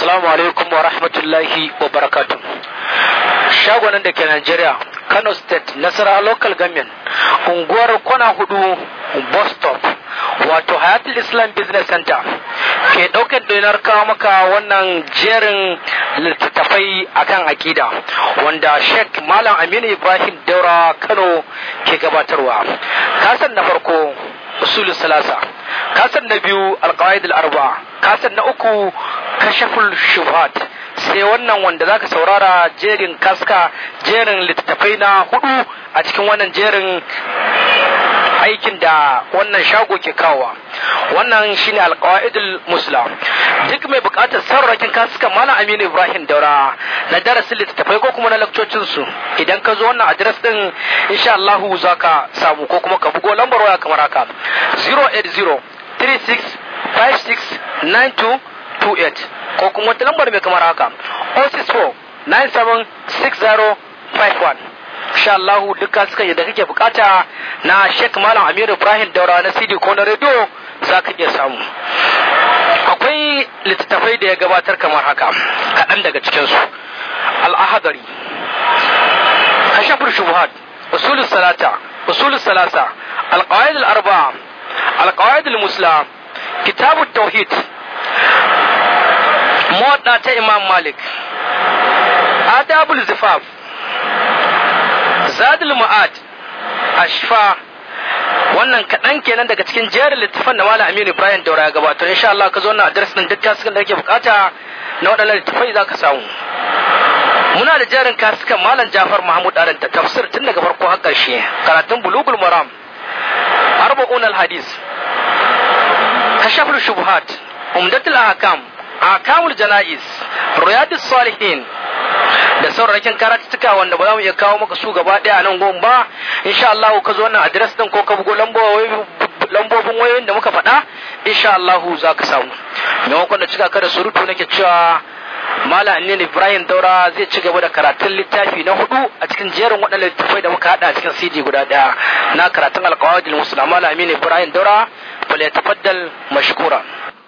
Assalamu alaikum wa rahmatullahi wa barakatun. Shagonan da ke Najeriya, Kano State, Nasara Local Government, unguwar kwana hudu bus stop, wato Hayatul Islam Business Center, ke ɗaukar donar kawo maka wannan jerin littattafai akan akida, wanda Sheikh Malam Aminu Ibrahim Daura Kano ke gabatarwa. Kasan na farko, usulun salasa, kasan na biyu alƙawa'id Dalarba. kasan na uku kashakul shubhat sai wannan wanda zaka saurara jerin kaska jerin littattafai na hudu a cikin wannan jerin aikin da wannan shago ke kawowa wannan shine alqaidul musla duk mai bukatar sarrakin kaskan malam Aminu Ibrahim Daura na darasin littattafai ko kuma na lakcocin su idan ka zo wannan adres din insha Allah za ka samu ko kuma ka bugo lambar waya kamar haka 080 36 56 92 2828 ko kuma wata lambar mai kamar haka 064 976051 insha Allah dukkan suka yi da kake bukata na Sheikh Malam Aminu Ibrahim Daura na CD ko na radio za ka iya samu akwai littattafai da ya gabatar kamar haka kaɗan daga cikinsu al-ahadari kashafur shubuhat usulul salata salasa al-qawaid al-arba'a al-qawaid al-musla kitabun tauhid muwadda ta imam malik adabul zifaf zadul ma'ad ashfa wannan kaɗan kenan daga cikin jerin littafan da malam aminu ibrahim daura ya gabata insha Allah ka zo na adres din duk kasukan da kake bukata na waɗannan littafai za ka samu muna da jerin kasukan malam jafar mahmud aranta tafsir tun daga farko har ƙarshe karatun bulugul maram arba'un al hadis kashaful shubuhat umdatul ahkam akamul jana'iz riyadus salihin da saurakin karatuttuka wanda ba za mu iya kawo maka su gaba daya a nan gon ba insha Allah ka zo wannan address din ko ka bugo lambobin wayoyin da muka faɗa insha Allah za ka samu maimakon da cika ka da surutu nake cewa Mala ne Ibrahim Daura zai ci gaba da karatun littafi na hudu a cikin jerin waɗannan littafai da muka haɗa a cikin CD guda ɗaya na karatun alƙawadil musulma Mala Annin Ibrahim Daura fa ya tafaddal mashkura.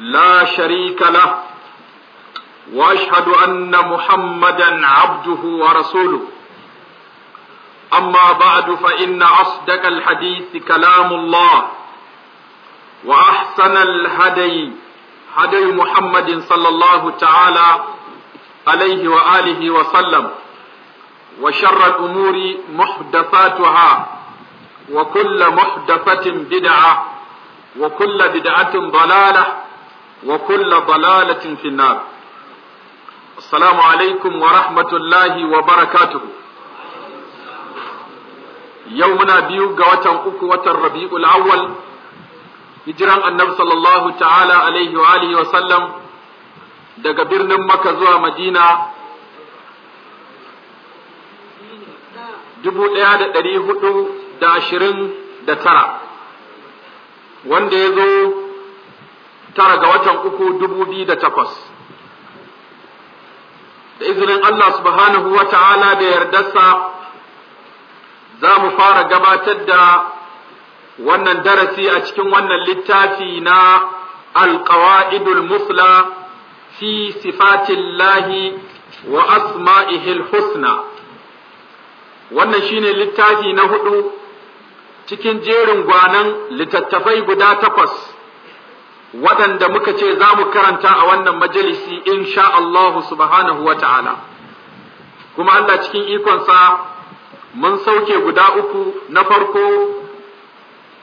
لا شريك له واشهد ان محمدا عبده ورسوله اما بعد فان اصدق الحديث كلام الله واحسن الهدي هدي محمد صلى الله تعالى عليه واله وسلم وشر الامور محدثاتها وكل محدثه بدعه وكل بدعه ضلاله Wa kulla bala la cinfinna. Salamu alaikum wa rahmatullahi wa barakatuhu. Yau muna biyu ga watan uku watan rabi'u la'awwal hijiran annabu salaallahu ta'ala alaihi wa'alihi wa sallam daga birnin Makka zuwa madina dubu ɗaya da dari hudu da ashirin da tara. Wanda ya zo. tara ga watan uku dubu biyu da takwas. Da izinin Allah subhanahu wa ta'ala da yardarsa za mu fara gabatar da wannan darasi a cikin wannan littafi na alƙawa'idul musla fi sifatillahi wa asma'ihil husna. Wannan shi ne littafi na hudu cikin jerin gwanan littattafai guda takwas. waɗanda muka ce za mu karanta a wannan majalisi insha Allah subhanahu wa ta'ala. Kuma Allah cikin ikonsa mun sauke guda uku na farko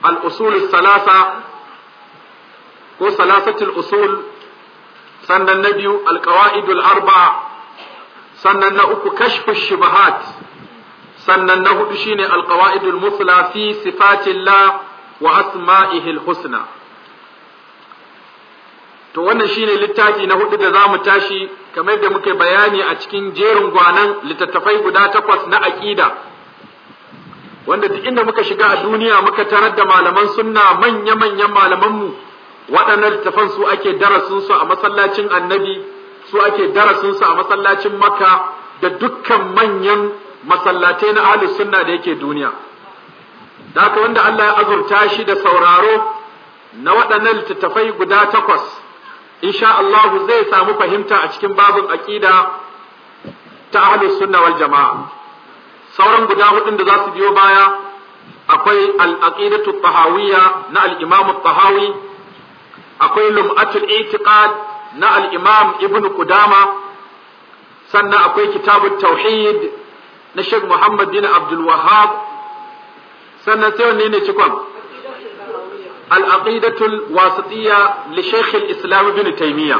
al'usulul salasa ko salasatul usul sannan na biyu alƙawa'idul arba sannan na uku kashfin shibahat sannan na hudu shine alƙawa'idul Musulafi fi sifatillah wa asma'ihil husna. to wannan shine littafi na hudu da zamu tashi kamar da muke bayani a cikin jerin gwanan littattafai guda takwas na aqida wanda duk inda muka shiga a duniya muka tarar da malaman sunna manya-manyan mu waɗannan littafan su ake darasin su a masallacin annabi su ake darasin su a masallacin makka da dukkan manyan masallatai na ahlus sunna da yake duniya da haka wanda Allah ya azurta shi da sauraro na waɗannan littattafai guda takwas insha Allah zai samu fahimta a cikin babin aqida ta ahlus sunna wal jama'a sauran guda hudun da za su biyo baya akwai al-aqidatu tahawiyya na al-imam tahawi akwai lum'atul i'tiqad na al-imam ibn qudama sannan akwai kitabut tauhid na Sheikh Muhammad bin Abdul Wahhab sannan sai wanne ne cikon al'aqidatul wasitiyya li shaykh al-islam ibn taymiya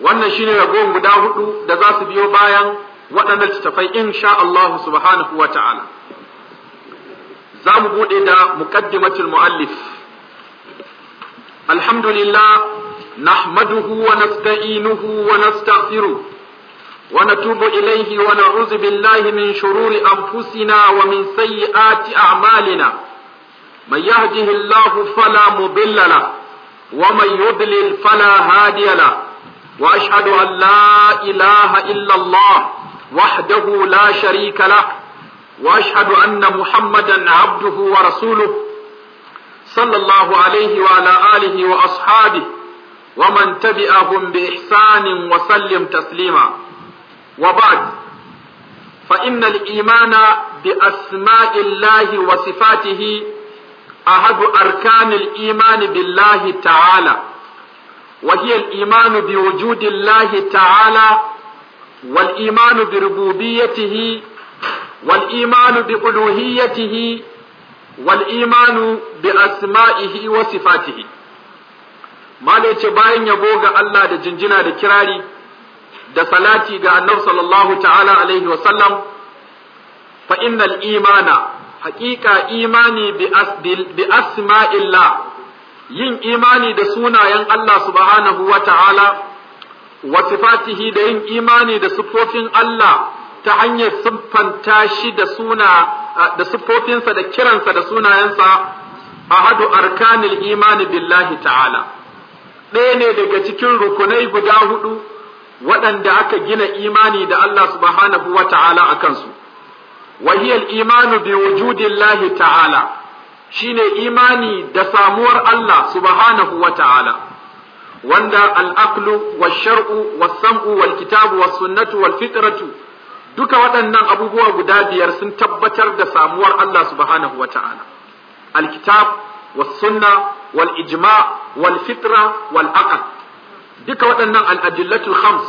wannan shine ragon guda huɗu da za su biyo bayan waɗannan littattafai insha Allah subhanahu wa ta'ala za mu bude da muqaddimatul muallif alhamdulillah nahmaduhu wa nasta'inuhu wa nastaghfiruh ونتوب إليه ونعوذ بالله من شرور أنفسنا ومن سيئات أعمالنا من يهده الله فلا مضل له ومن يضلل فلا هادي له وأشهد أن لا إله إلا الله وحده لا شريك له وأشهد أن محمدا عبده ورسوله صلى الله عليه وعلى آله وأصحابه ومن تبعهم بإحسان وسلم تسليما وبعد فإن الإيمان بأسماء الله وصفاته ahadu arkanil imani billahi ta'ala وهي الإيمان بوجود الله تعالى والإيمان بربوبيته والإيمان بألوهيته والإيمان بأسمائه وصفاته ما ليش باين يبوغ الله دا جنجنا دا كراري دا صلاتي دا النبي صلى الله تعالى عليه وسلم فإن الإيمان haƙiƙa imani bi asma'ila yin imani da sunayen Allah subhanahu wa ta'ala wa sifatihi da yin imani da siffofin Allah ta hanyar siffanta shi da suna da siffofinsa da kiransa da sunayensa ahadu arkanil imani billahi ta'ala ɗaya ne daga cikin rukunai guda hudu waɗanda aka gina imani da Allah subhanahu wa ta'ala a kansu وهي الإيمان بوجود الله تعالى شين إيماني دسامور الله سبحانه وتعالى وندا الأقل والشرع والسمع والكتاب والسنة والفطرة duka waɗannan abubuwa guda biyar sun tabbatar da samuwar Allah subhanahu wa ta'ala. Alkitab, was sunna, wal ijma, wal fitra, wal aqal. Duka waɗannan al'adillatul hams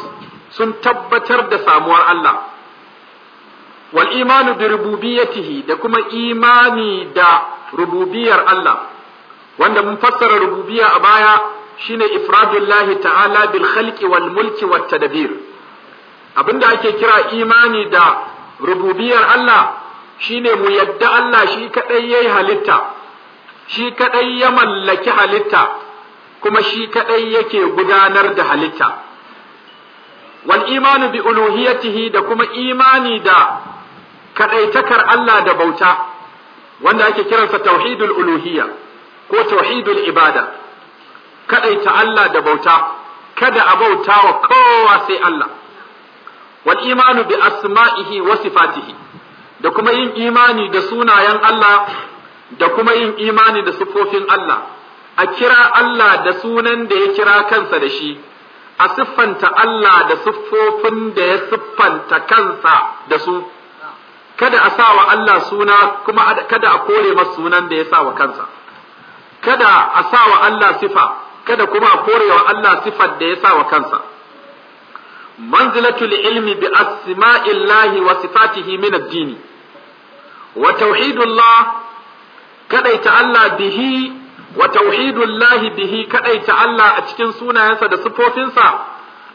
sun tabbatar da samuwar Allah. wal imanu bi rububiyyatihi da kuma imani da rububiyar Allah wanda mun fassara rububiyya a baya shine ifradullahi ta'ala bil khalqi wal mulki abinda ake kira imani da rububiyar Allah shine mu yadda Allah shi kadai yayi halitta shi kadai ya mallaki halitta kuma shi kadai yake gudanar da halitta wal imanu bi uluhiyatihi da kuma imani da kaɗaitakar Allah da bauta wanda ake kiransa tauhidul uluhiyya ko tauhidul ibada kaɗaita Allah da bauta kada a bauta wa kowa sai Allah wal imanu bi asma'ihi wa sifatihi da kuma yin imani da sunayen Allah da kuma yin imani da sifofin Allah a kira Allah da sunan da ya kira kansa da shi a siffanta Allah da siffofin da ya siffanta kansa da su kada a sa wa Allah suna kuma kada a kore masa sunan da ya sa wa kansa kada a sa wa Allah sifa kada kuma a kore wa Allah sifar da ya sa wa kansa manzilatul ilmi bi asma'illahi wa sifatihi min ad wa tauhidullah kadaita Allah bihi wa tauhidullahi bihi kadaita Allah a cikin sunayensa da sifofinsa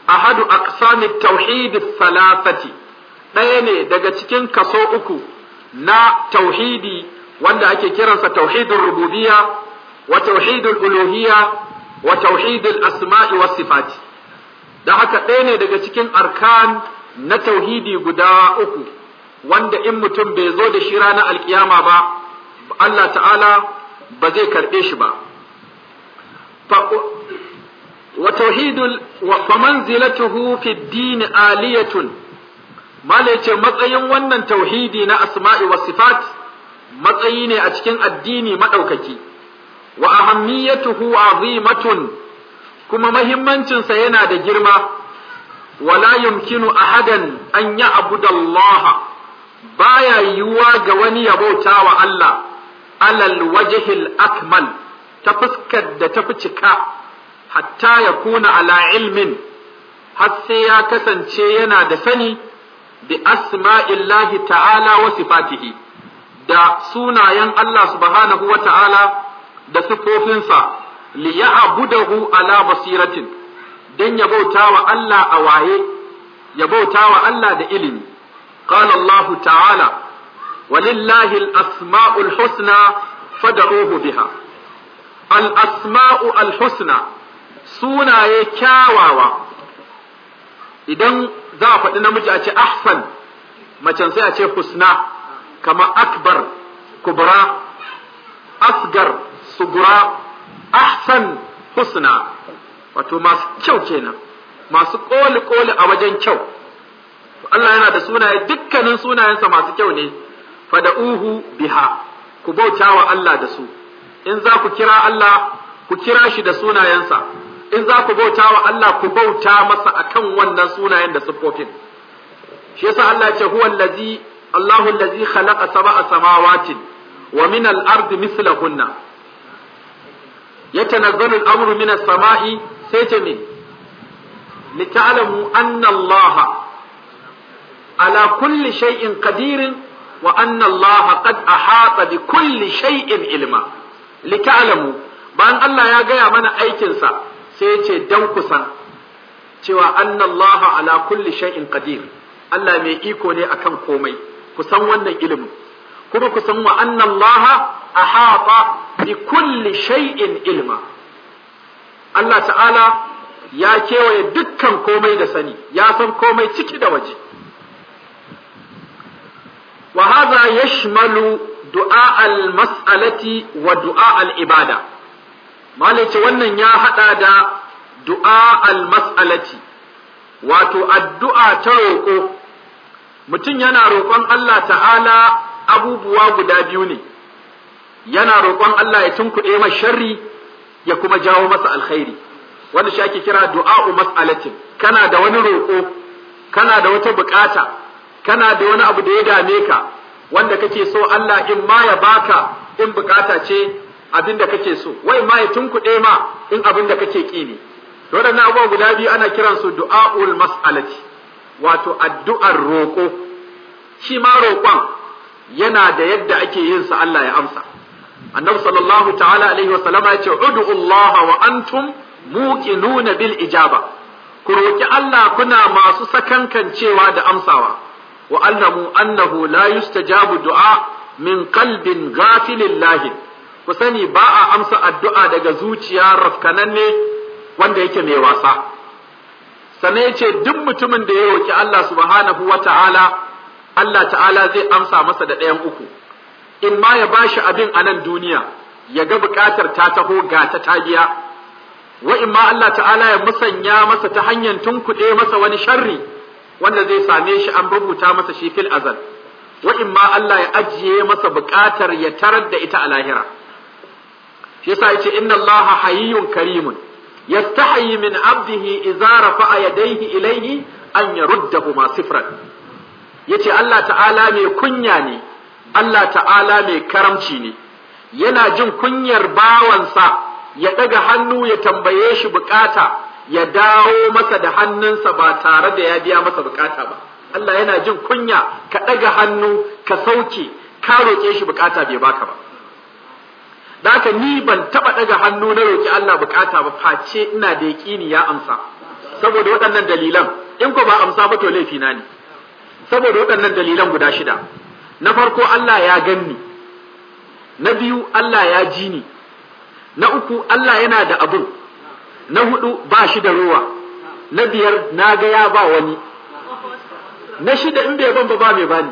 ahadu aqsamit tauhid thalathati ɗaya ne daga cikin kaso uku na tauhidi wanda ake kiransa tauhidul rububiya wa tauhidul uluhiya wa tauhidul asma'i was sifati da haka ɗaya ne daga cikin arkan na tauhidi guda uku wanda in mutum bai zo da shi ranar alkiyama ba Allah ta'ala ba zai karɓe shi ba wa tauhidul wa manzilatuhu fi ad aliyatun mala yace matsayin wannan tauhidi na asma'i wa sifat matsayi ne a cikin addini madaukaki wa ahammiyatuhu azimatun kuma mahimmancinsa yana da girma wala yumkinu ahadan an ya'budu Allah baya yiwuwa ga wani ya bauta wa Allah alal wajhil akmal ta fuskar da tafi cika hatta ya kuna ala ilmin har sai ya kasance yana da sani bi asma'illahi ta'ala wa sifatihi da sunayen Allah subhanahu wa ta'ala da sifofinsa li ya'budahu ala basiratin dan ya Allah a waye ya Allah da ilimi qala ta'ala walillahi al-asma'u al-husna fad'uhu biha al-asma'u al-husna sunaye kyawawa idan za a faɗi namiji a ce ahsan macen sai a ce husna kama akbar kubra asgar sugura ahsan husna wato masu kyau kenan masu koli koli a wajen kyau Allah yana da sunaye dukkanin sunayensa masu kyau ne fada'uhu biha ku bauta wa Allah da su in za ku kira Allah ku kira shi da sunayensa in za ku bauta wa Allah ku bauta masa akan wannan sunayen da siffofin shi yasa Allah ce huwa allazi Allahu allazi khalaqa sab'a samawati wa min al-ard mislahunna yatanazzalu al-amru min as-sama'i sai ce me lita'lamu anna Allah ala kulli shay'in wa anna Allah qad ahata bi kulli shay'in ilma lita'lamu bayan Allah ya gaya mana aikinsa sai ya ce dan kusan cewa annallaha ala kulli shay'in qadir Allah mai iko ne akan komai kusan wannan ilimin kuma kusan wa annallaha ahata bi kulli shay'in ilma Allah ta'ala ya kewaye dukkan komai da sani ya san komai ciki da waje wa hadha yashmalu du'a al-mas'alati wa du'a al-ibada malice wannan ya haɗa da du'a al-mas'alati wato addu'a ta roƙo mutum yana roƙon Allah ta'ala abubuwa guda biyu ne yana roƙon Allah ya tunkuɗe masa sharri ya kuma jawo masa alkhairi wanda shi ake kira du'a'u mas'alati kana da wani roƙo kana da wata bukata kana da wani abu da ya dame ka wanda kake so Allah in ma ya baka in bukata ce abin da kake so wai ma ya tunkuɗe ma in abin da kake ƙi ne to waɗannan abubuwa guda biyu ana kiran su du'aul mas'alati wato addu'ar roƙo shi ma roƙon yana da yadda ake yin sa Allah ya amsa annabi sallallahu ta'ala alaihi wa sallama ya ce ud'u Allah wa antum muqinuna bil ijaba ku roki Allah kuna masu sakankancewa da amsawa wa annahu annahu la yustajabu du'a min qalbin ghafilin lahin ku sani ba a amsa addu'a daga zuciya rafkananne wanda yake mai wasa sannan ya ce duk mutumin da ya roƙi Allah subhanahu wa ta'ala Allah ta'ala zai amsa masa da ɗayan uku in ma ya bashi abin a nan duniya ya ga buƙatar ta taho ga ta tagiya wa in ma Allah ta'ala ya musanya masa ta hanyar tunkuɗe masa wani sharri wanda zai same shi an rubuta masa shi fil azal wa in ma Allah ya ajiye masa buƙatar ya tarar da ita a lahira shi yasa yace inna allaha hayyun karimun yastahi min abdihi idza rafa'a yadayhi ilayhi an yaruddahuma sifran yace Allah ta'ala mai kunya ne Allah ta'ala mai karamci ne yana jin kunyar bawansa ya daga hannu ya tambaye shi bukata ya dawo masa da hannunsa ba tare da ya biya masa bukata ba Allah yana jin kunya ka daga hannu ka sauke ka roƙe shi bukata bai baka ba da haka ni ban taba daga hannu na roki Allah bukata ba face ina da yaqini ya amsa saboda waɗannan dalilan in ko ba amsa ba to laifi na ne saboda waɗannan dalilan guda shida na farko Allah ya ganni na biyu Allah ya ji ni na uku Allah yana da abun na hudu ba shi da ruwa na biyar na ga ya ba wani na shida in bai ban ba ba mai bani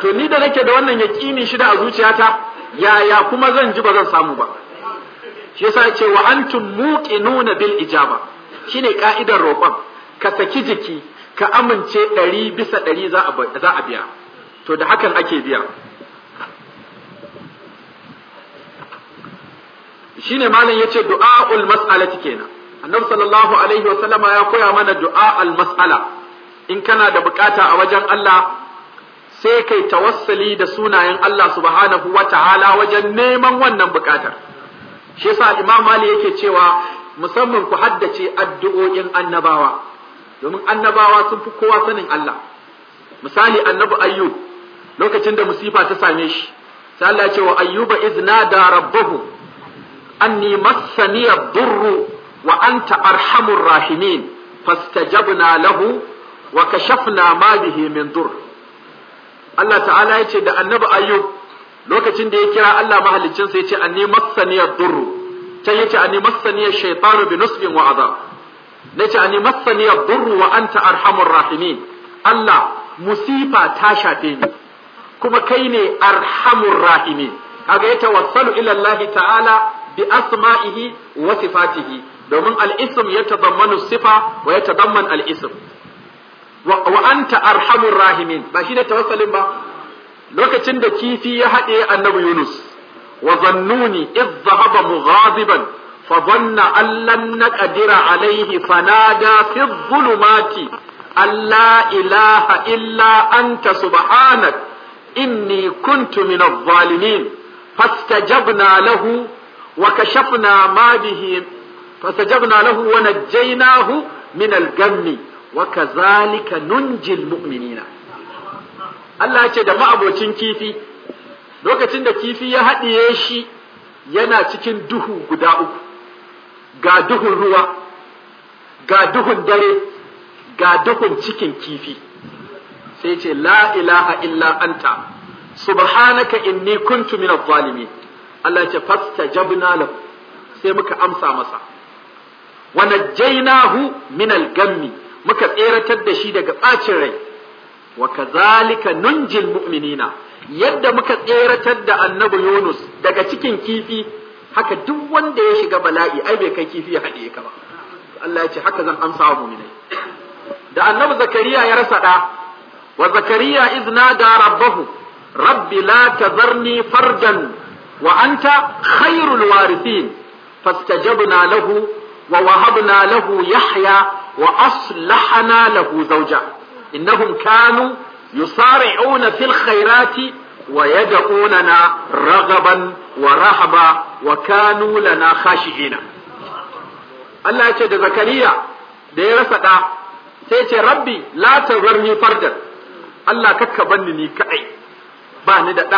to ni da nake da wannan yaqini shida a zuciyata yaya kuma zan ji ba zan samu ba shi yasa ce wa antum muqinuna bil ijaba shine ka'idar roƙon ka saki jiki ka amince ɗari bisa ɗari za a biya to da hakan ake biya shine malam yace du'aul mas'alati kenan annabi sallallahu alaihi wasallama ya koya mana du'a al mas'ala in kana da bukata a wajen Allah sai kai tawassali da sunayen Allah subhanahu wa ta'ala wajen neman wannan bukatar. Shi yasa Imam Mali yake cewa musamman ku haddace addu'o'in annabawa, domin annabawa sun fi kowa sanin Allah. Misali annabi Ayyub lokacin da musifa ta same shi, sai Allah ya ce wa Ayyuba izna da rabbuhu anni massaniya durru wa anta arhamur rahimin fastajabna lahu wa kashafna ma bihi min durr Allah ta'ala ya ce da annabi ayyub lokacin da ya kira Allah mahaliccinsa ya ce anni massaniyar durru ta ya ce anni massaniyar shaitanu bi nusbin wa azab na ce anni massaniyar durru wa anta arhamur rahimi Allah musifa ta shafe ni kuma kai ne arhamur rahimin kaga ya tawassalu ila Allah ta'ala bi asma'ihi wa sifatihi domin al-ism yatadammanu sifa wa yatadamman al-ism wa anta arhamur rahimin ba shine tawassalin ba lokacin da kifi ya haɗe annabi Yunus wa zannuni idh dhahaba mughadiban fa dhanna an lan naqdira alayhi fanada fi dhulumati alla ilaha illa anta subhanak inni kuntu min adh-dhalimin fastajabna lahu wa kashafna ma bihi fastajabna lahu wa najjaynahu min al-gammi wa kazalika nunjil mu'minina Allah ya ce da ma'abocin kifi lokacin da kifi ya haɗiye shi yana cikin duhu guda uku ga duhun ruwa ga duhun dare ga duhun cikin kifi sai ce la ilaha illa anta subhanaka inni kuntu minaz zalimin Allah ya ce fastajabna lahu sai muka amsa masa wa najjaynahu minal gammi muka tseratar da shi daga ɓacin rai wa kazalika nunjil mu'minina yadda muka tseratar da annabi Yunus daga cikin kifi haka duk wanda ya shiga bala'i ai bai kai kifi ya haɗe ka ba Allah ya ce haka zan amsa wa mu'minai da annabi Zakariya ya rasa da wa Zakariya izna da rabbahu rabbi la tazarni fardan wa anta khairul warithin fastajabna lahu wa wahabna lahu yahya wa aslahana lahu zawja innahum kanu yusari'una fil khairati wa yad'unana ragaban wa rahaba wa kanu lana khashi'ina Allah ya ce da Zakariya da ya rasa da sai ce rabbi la tazarni fardan Allah kakka banni ni kai ba ni da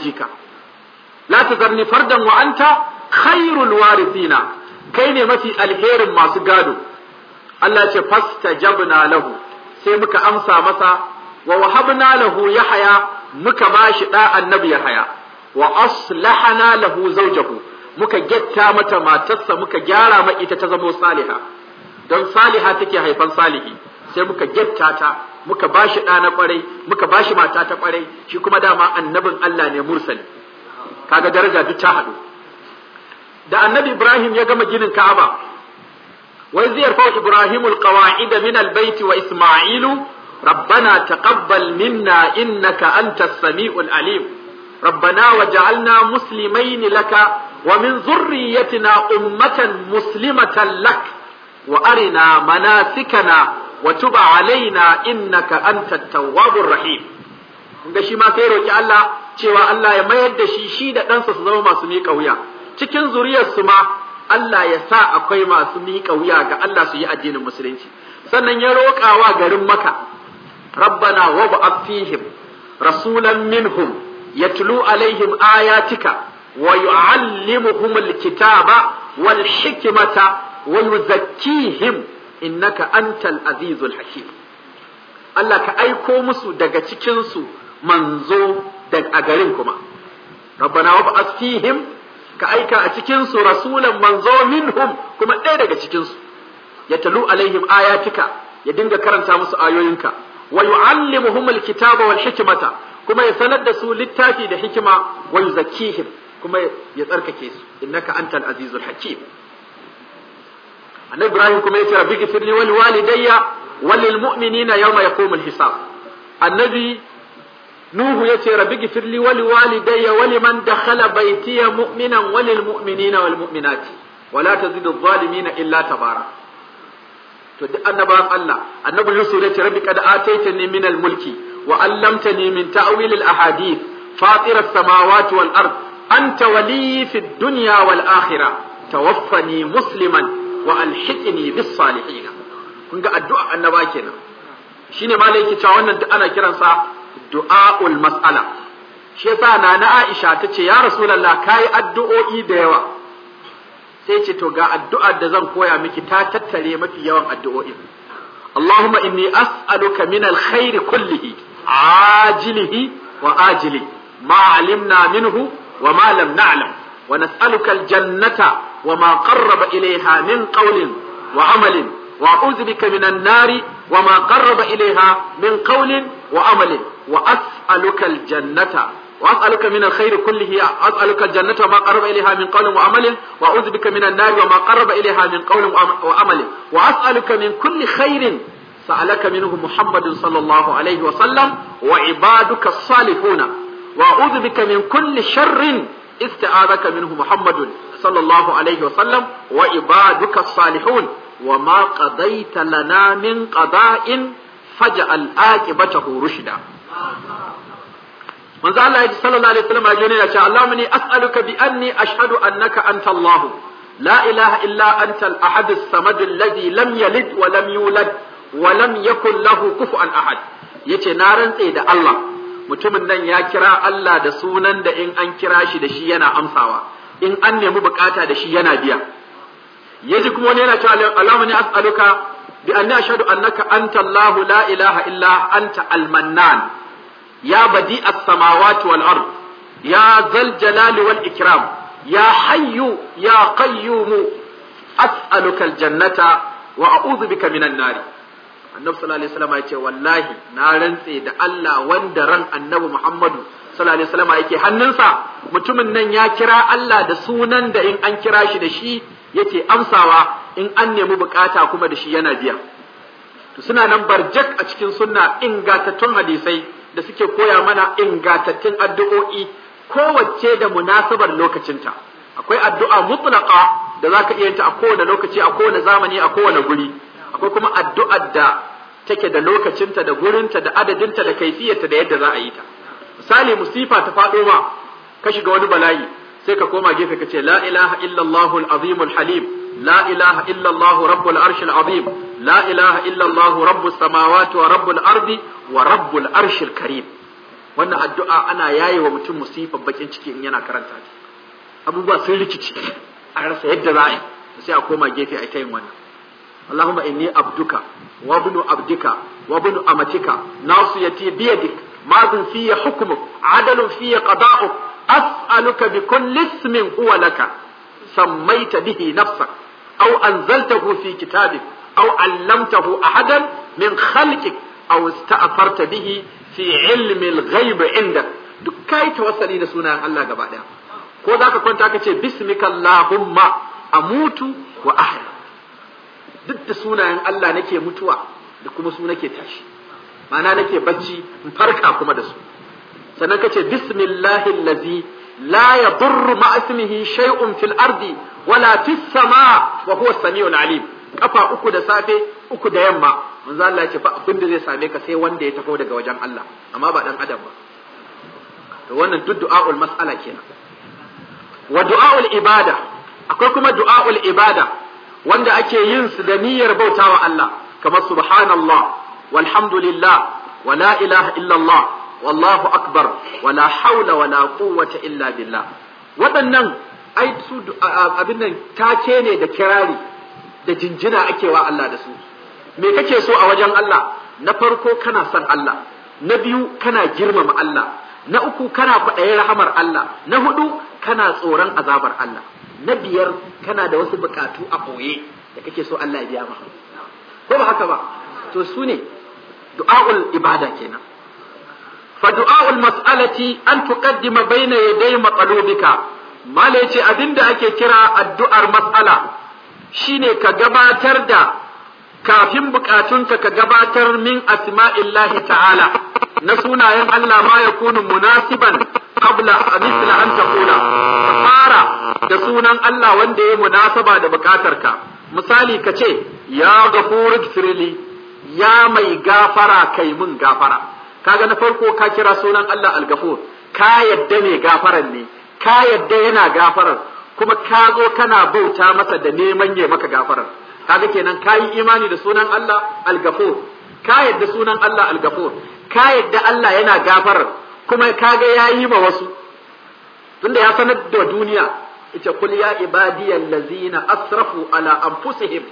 jika la tazarni fardan wa anta khairul warithina kai ne mafi alherin masu gado Allah ce fasta na lahu sai muka amsa masa wa wahabna lahu yahya muka bashi da annabi yahya wa aslahana lahu zawjahu muka getta mata matarsa muka gyara ma ita ta zamo saliha don saliha take haifan salihi sai muka getta ta muka bashi da na kwarai muka bashi mata ta kwarai shi kuma dama annabin Allah ne mursali kaga daraja duk ta hadu da annabi Ibrahim ya gama ginin Ka'aba wai zai yarfa Ibrahimu ƙawaida min albaiti wa Isma'ilu rabbana taqabbal minna innaka antas samiul alim rabbana waj'alna muslimaini laka wa min dhurriyyatina ummatan muslimatan lak wa arina manasikana wa tub alaina innaka antat tawwabur rahim kunga shi ma sai roki Allah cewa Allah ya mayar da shi shi da ɗansa su zama masu miƙa wuya cikin zuriyarsu ma Allah ya sa akwai masu miƙa wuya ga Allah su yi addinin musulunci sannan ya roƙawa garin maka rabbana wa ba'ath rasulan minhum yatlu alaihim ayatika wa yu'allimuhum alkitaba wal hikmata wa yuzakkihim innaka antal azizul hakim Allah ka aiko musu daga cikin su manzo a garin kuma rabbana wa ba'ath ka aika a cikinsu rasulan manzo minhum kuma ɗaya daga cikinsu ya talu alaihim ayatika ya dinga karanta musu ayoyinka wa yu'allimuhum alkitaba wal hikmata kuma ya sanar da su littafi da hikima wa yuzakkihim kuma ya tsarkake su innaka antal azizul hakim annabi ibrahim kuma ya ce rabbi gifirli wal walidayya wal mu'minina yawma yaqumul hisab annabi Nuhu ya ce rabi gifirli wali walidayya wali man dakhala baitiya mu'minan walil mu'minina wal mu'minati wala tazidu zalimina illa tabara to duk annabawan Allah annabi Yusuf ya ce rabi kada ataitani min al mulki wa allamtani min ta'wil al ahadith fatir samawati wal ard anta waliyyi fi dunya wal akhira tawaffani musliman wa alhiqni bis salihin kun ga addu'a annaba kenan shine malai yake wannan duk ana kiransa du'a'ul mas'ala shi yasa nana Aisha ta ce ya Rasulullah kai addu'o'i da yawa sai ce to ga addu'ar da zan koya miki ta tattare mafi yawan addu'o'i. Allahumma inni as'aluka min alkhairi kullihi ajilihi wa ajili ma alimna minhu wa ma lam na'lam wa nas'aluka aljannata wa ma qarraba ilayha min qawlin wa amalin wa a'udhu bika minan nari wa ma qarraba ilayha min qawlin wa amalin wa as'aluka aljannata wa as'aluka min alkhairi kullihi as'aluka aljannata ma qaraba ilayha min qawlin wa amalin wa a'udhu bika min an ma qaraba ilayha min qawlin wa amalin wa as'aluka min kulli khairin sa'alaka minhu muhammadun sallallahu wa ibaduka as wa a'udhu bika min kulli sharrin استعاذك منه محمد صلى الله عليه وسلم وعبادك الصالحون وما قضيت لنا من قضاء فجعل آكبته رشدا manzo Allah sallallahu alaihi wasallam ajone ya ce Allahumma ni as'aluka bi anni ashhadu annaka anta la ilaha illa anta al-ahad as-samad alladhi lam yalid wa lam yulad wa lam yakul lahu kufuwan ahad yace na rantse da Allah mutumin nan ya kira Allah da sunan da in an kira shi da shi yana amsawa in an nemi bukata da shi yana biya yaji kuma wani yana cewa Allahumma ni as'aluka bi anni ashhadu annaka anta Allah la ilaha illa anta al ya badi a samawati wal ard ya zal jalali wal ikram ya hayyu ya qayyum as'aluka jannata wa a'udhu bika minan nar annabi sallallahu ce wallahi na rantse da Allah wanda ran annabi Muhammadu sallallahu alaihi wasallam yake hannunsa mutumin nan ya kira Allah da sunan da in an kira shi da shi yake amsawa in an nemi bukata kuma da shi yana biya to suna nan barjak a cikin sunna ingantattun hadisai da suke koya mana ingantattun addu'o'i kowace da munasabar lokacinta akwai addu'a mutlaka da za ka iya ta a kowane lokaci a kowane zamani a kowane guri akwai kuma addu'ar da take da lokacinta da gurinta da adadinta da kaifiyarta da yadda za a yi ta misali musifa ta faɗo ma ka shiga wani bala'i sai ka koma gefe ka ce la ilaha illallahul azimul halim la ilaha illallah rabbul arshil azim la ilaha illallah rabbu samawati wa rabbul ardi wa rabbul arshil karim wannan addu'a ana yaye wa mutum musifar bakin ciki in yana karanta ta abubuwa sun rikici a rasa yadda za a yi sai a koma gefe a ta yin wannan Allahumma inni abduka wa ibnu abdika wa ibnu amatika nasiyati biyadik madun fiye hukmuk adalun fi qada'uk as'aluka bi kulli ismin huwa laka sammaita bihi nafsaka aw anzaltahu fi kitabik aw allamtahu ahadan min khalqik aw ista'farta bihi fi ilmi al-ghaib indak duk kai tawassali da sunayen Allah gaba ɗaya ko zaka kwanta kace bismika allahumma amutu wa ahya duk da sunayen Allah nake mutuwa da kuma su nake tashi ma'ana nake bacci in farka kuma da su sannan kace bismillahi lazi. la yadurru ma ismihi shay'un fil ardi wala fis sama wa huwa samiul kafa uku da safe uku da yamma manzo Allah ce fa abin da zai same ka sai wanda ya tafi daga wajen Allah amma ba dan adam ba to wannan du'aul mas'ala kenan wa du'aul ibada akwai kuma du'aul ibada wanda ake yin su da niyyar bautawa Allah kamar subhanallah walhamdulillah wa la ilaha illallah wallahu akbar wala haula wala quwwata illa billah waɗannan ai su abin nan take ne da kirari da jinjina ake wa Allah da su me kake so a wajen Allah na farko kana son Allah na biyu kana girmama Allah na uku kana faɗayin rahamar Allah na hudu kana tsoron azabar Allah na biyar kana da wasu bukatu a ɓoye da kake so Allah ya biya maka ko ba haka ba to su ne du'a'ul ibada kenan فدعاء المسألة أن تقدم بين يدي مطلوبك ما ليتي أبند أكي كرا الدعاء المسألة شيني كقباتر دا كافين بكاتونك كقباتر من أسماء الله تعالى نسونا يم الله ما يكون مناسبا قبل مثل أن تقول فارا دسونا الله وندي مناسبة بكاترك misali ka ce ya gafuru firili ya mai gafara kai mun gafara kaga na farko ka kira sunan Allah al-Ghafur ka yadda ne gafaran ne ka yadda yana gafarar kuma ka zo kana bauta masa da neman ya maka gafarar kaga kenan ka yi imani da sunan Allah al-Ghafur ka yadda sunan Allah al-Ghafur ka yadda Allah yana gafarar kuma kaga yayi ma wasu tunda ya sanar da duniya ita kul ya ibadiyal ladzina asrafu ala anfusihim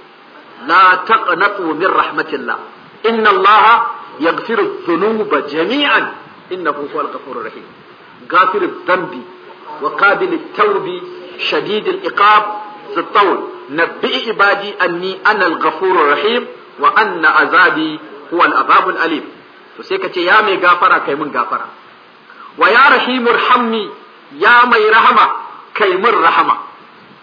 la taqnatu min rahmatillah inna allaha yagfiru dhunuba jami'an innahu huwal ghafurur rahim ghafiru dhanbi wa anni ana wa anna azabi huwa al kace ya mai gafara kai mun gafara wa ya rahimur hammi ya mai rahama kai mun rahama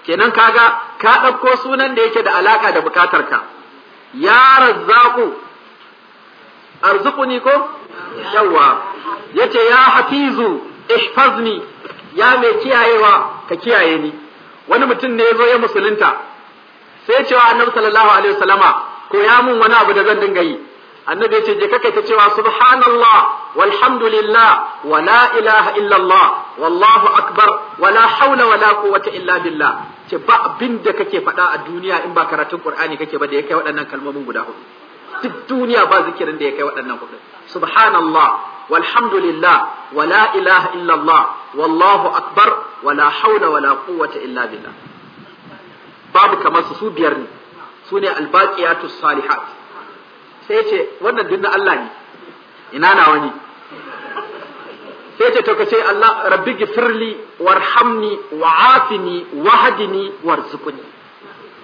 kenan kaga ka ɗauko sunan da yake da alaƙa da bukatarka ya razzaqu arzuquni ko yawa yace ya hafizu ihfazni ya mai kiyayewa ka kiyaye ni wani mutum ne yazo ya musulunta sai cewa annabi sallallahu alaihi wasallama ko ya mun wani abu da zan dinga yi annabi yace je kai ta cewa subhanallah walhamdulillah wa la ilaha illallah wallahu akbar wa la hawla wa la quwwata illa billah ce ba abin da kake faɗa a duniya in ba karatun qur'ani kake ba da ya kai waɗannan kalmomin guda hudu duk duniya ba zikirin da ya kai waɗannan kuɗi. subhanallah walhamdulillah wala ilaha illallah wallahu akbar wala haula wala quwwata illa billah babu kamar su su biyar ne su ne albaqiyatus salihat sai ce wannan duk na Allah ne ina na wani? sai ce to ka ce Allah rabbi gifirli warhamni wa'afini wahdini warzuqni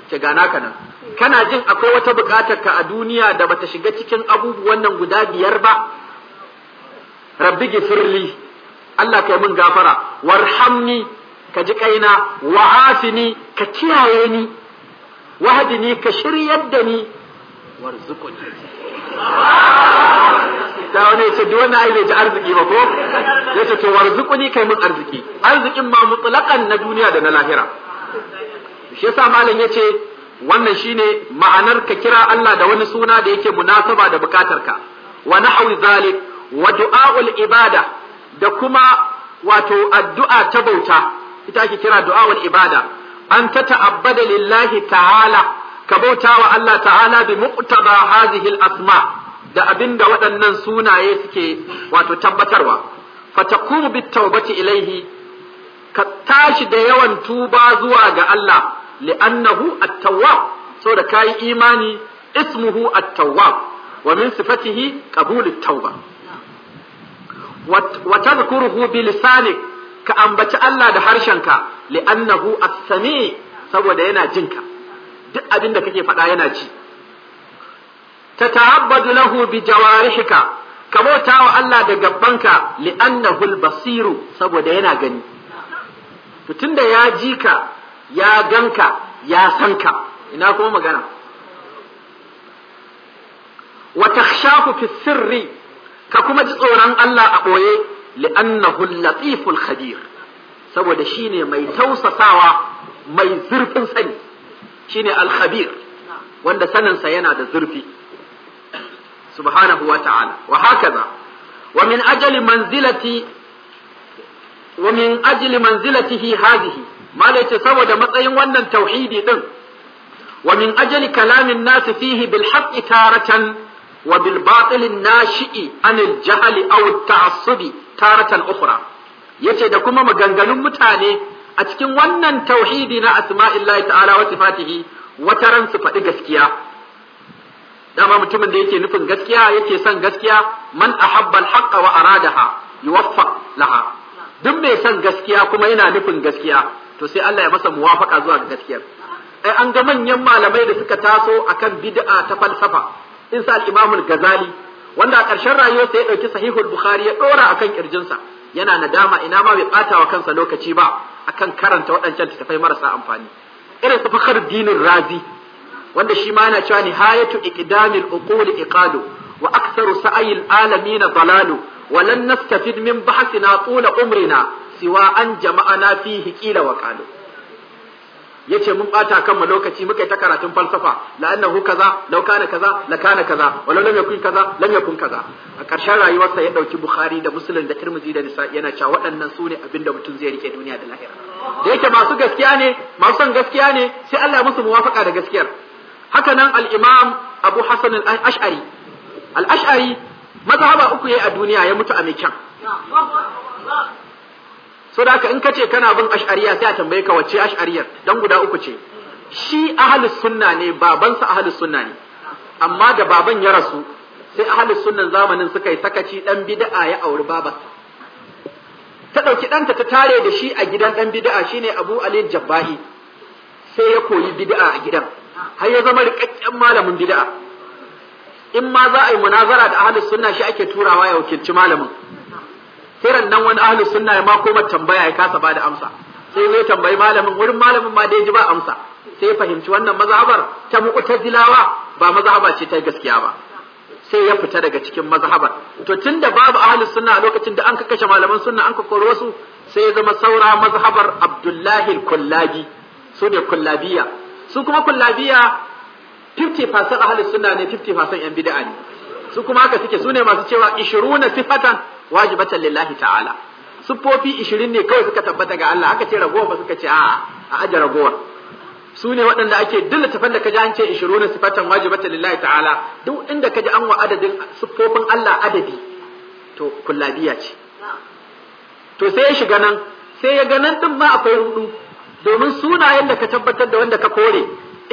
ce gana ka nan kana jin akwai wata bukatar ka a duniya da bata shiga cikin abubuwan nan guda biyar ba rabbi gifirli Allah kai min gafara warhamni ka ji kaina wa'afini ka kiyaye ni wahdini ka shiryar da ni warzuqni da wani ce duk wannan ji arziki ba ko yace to warzuqni kai min arziki arzikin ma mutlaqan na duniya da na lahira shi yasa malam yace wannan shine ma'anar ka kira Allah da wani suna da yake munasaba da bukatarka wa nahwi zalik wa du'aul ibada da kuma wato addu'a ta bauta ita ake kira du'aul ibada an ta ta'abbada lillahi ta'ala ka bauta wa Allah ta'ala bi muqtaba hadhihi al-asma da abinda waɗannan sunaye suke wato tabbatarwa fatakumu bit tawbati ilaihi ka tashi da yawan tuba zuwa ga Allah li'annahu at-tawwab saboda kai imani ismuhu at-tawwab wa min sifatihi qabul at-tauba wa tadhkuruhu bi lisanik ka ambaci Allah da harshenka li'annahu as-sami saboda yana jinka duk abinda kake faɗa yana ci tata'abbadu lahu bi jawarihika ka bauta wa Allah da gabbanka li'annahu al-basiru saboda yana gani to tunda ya ji ka ya ganka ya san ka ina kuma magana wa takhshahu fi sirri ka kuma ji tsoron Allah a boye li'annahu latiful Kabir saboda shine mai tausasawa mai zurfin sani shine al-khabir wanda saninsa yana da zurfi subhanahu wa ta'ala wa hakaza wa min ajali manzilati wa min ajli manzilatihi hadhihi malai ce saboda matsayin wannan tauhidi din wa min ajali kalamin nasu fihi bil haqqi taratan wa bil batil nashi'i anil jahli aw ta'assubi taratan ukhra yace da kuma maganganun mutane a cikin wannan tauhidi na asma'illahi ta'ala wa Fatihi, wata ransu faɗi gaskiya dama mutumin da yake nufin gaskiya yake son gaskiya man ahabba al-haqqa wa aradaha yuwaffa laha duk mai son gaskiya kuma yana nufin gaskiya to sai Allah ya masa muwafaka zuwa ga gaskiyar ai an ga manyan malamai da suka taso akan bid'a ta falsafa in sa al Ghazali wanda a ƙarshen rayuwarsa ya ɗauki sahihul Bukhari ya ɗora akan kirjinsa yana nadama ina ma bai ɓata wa kansa lokaci ba akan karanta waɗancan tafai marasa amfani irin su fakhar dinin razi wanda shi ma yana cewa nihayatu iqdamil uqul iqalu wa aktharu sa'il alamin dalalu wa lan nastafid min bahthina tula umrina siwa an na fi qila wa qalu yace mun bata kanmu lokaci muka yi ta karatun falsafa la hu kaza law kaza lakana kaza wala lam yakun kaza lam yakun kaza a ƙarshen rayuwarsa ya ɗauki bukhari da muslim da tirmidhi da nisa yana cewa waɗannan su ne abinda mutum zai rike duniya da lahira da yake masu gaskiya ne masu son gaskiya ne sai Allah ya musu muwafaka da gaskiyar haka nan al-imam abu hasan al-ash'ari al-ash'ari mazhaba uku yayi a duniya ya mutu a mai so da haka in kace kana bin ash'ariya sai a tambaye ka wacce ash'ariyar dan guda uku ce shi ahlus sunna ne babansa ahlus sunna ne amma da baban ya rasu sai ahlus sunnan zamanin suka yi sakaci dan bid'a ya auri baba ta dauki danta ta tare da shi a gidan dan bid'a shine Abu Ali Jabbahi sai ya koyi bid'a a gidan har ya zama rikakken malamin bid'a in ma za a yi munazara da ahlus sunna shi ake turawa ya wakilci malamin kiran nan wani ahlus sunna ya ma koma tambaya ya kasa bada amsa sai zai tambayi malamin wurin malamin ma dai ji ba amsa sai ya fahimci wannan mazhabar ta mu'tazilawa ba mazhaba ce ta gaskiya ba sai ya fita daga cikin mazhabar to tunda babu ahlus sunna a lokacin da an ka kashe malaman sunna an ka kori wasu sai ya zama saura mazhabar Abdullahi al-Kullabi su ne kullabiya su kuma kullabiya 50% ahlus sunna ne 50% yan bid'a ne su kuma haka suke su ne masu cewa 20 sifatan wajibatan lillahi ta'ala siffofi 20 ne kawai suka tabbata ga Allah aka ce ragowar ba suka ce a'a a aje ragowar su ne waɗanda ake duk littafin da kaji an ce 20 sifatan wajibatan lillahi ta'ala duk inda kaji an wa adadin siffofin Allah adadi to kullabiya ce to sai ya shiga nan sai ya ga nan din ma akwai rudu domin sunayen da ka tabbatar da wanda ka kore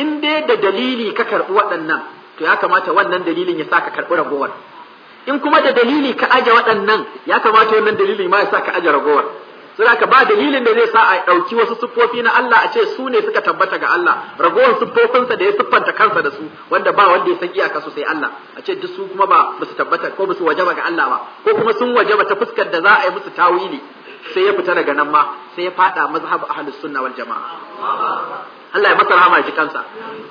in dai da dalili ka karɓi waɗannan to ya kamata wannan dalilin ya sa ka karɓi ragowar in kuma da dalili ka aje waɗannan ya kamata wannan dalili ma ya sa ka aje ragowar saboda ba dalilin da zai sa a ɗauki wasu siffofi na Allah a ce su ne suka tabbata ga Allah ragowar siffofinsa da ya siffanta kansa da su wanda ba wanda ya san iyaka su sai Allah a ce duk su kuma ba su tabbata ko ba su wajaba ga Allah ba ko kuma sun wajaba ta fuskar da za a yi musu tawili sai ya fita daga nan ma sai ya faɗa mazhab ahlus sunna wal jamaa Allah ya masa rahama ya ji kansa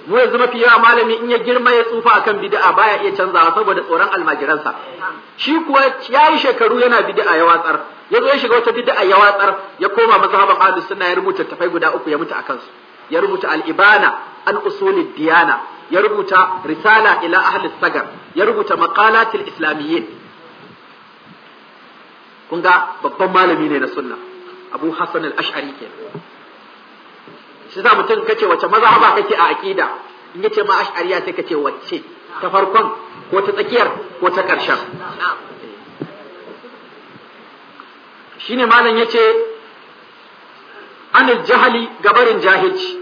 mu yanzu mafi yawa malami in ya girma ya tsufa akan bid'a baya iya canzawa saboda tsoron almajiransa shi kuwa ya yi shekaru yana bid'a ya watsar ya zo ya shiga wata bid'a ya watsar ya koma mazhaban ahlus sunna ya rubuta tafai guda uku ya mutu akan su ya rubuta al-ibana an usulid diyana ya rubuta risala ila ahli sagar ya rubuta maqalatil islamiyyin kun ga babban malami ne na sunna abu hasan al-ash'ari kenan shi za mutum kace wace mazhaba kake a akida? in yace ma ash'ariya sai kace wacce ta farkon ko ta tsakiyar ko ta ƙarshen shine malam yace anil jahali gabarin jahilci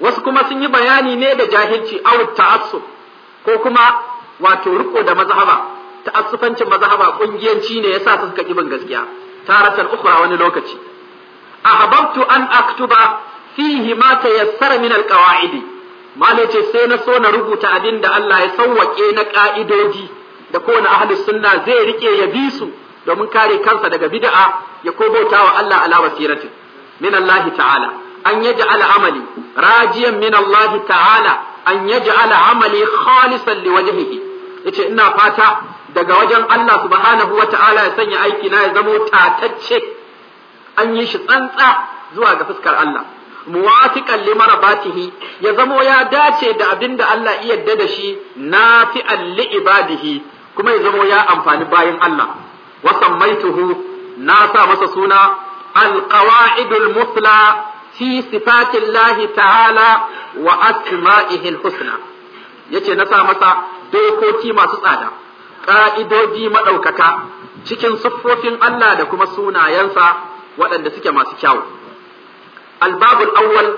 wasu kuma sun yi bayani ne da jahilci aw ta'assub ko kuma wato riko da mazhaba ta'assufancin mazhaba kungiyanci ne yasa suka kibin gaskiya taratan ukhra wani lokaci ahabantu an aktuba fihi ma tayassara min alqawaidi malai ce sai na so na rubuta abin da Allah ya sauwake na ka'idoji da kowane ahli sunna zai rike ya bi su domin kare kansa daga bid'a ya bauta wa Allah ala basiratin min Allah ta'ala an yaj'ala amali rajiyan min Allah ta'ala an yaj'ala amali khalisan liwajhihi yace ina fata daga wajen Allah subhanahu wa ta'ala ya sanya aiki na ya zamo tatacce an yi shi tsantsa zuwa ga fuskar Allah muwafiqan batihi, ya zamo ya dace da abinda Allah iya yarda da shi nafi'an li ibadihi kuma ya zamo ya amfani bayan Allah wa sammaituhu na sa masa suna alqawaidul mufla fi sifatillahi ta'ala wa asma'ihi Ya yace na sa masa dokoki masu tsada ƙa'idodi maɗaukaka cikin siffofin Allah da kuma sunayensa waɗanda suke masu kyau. الباب الأول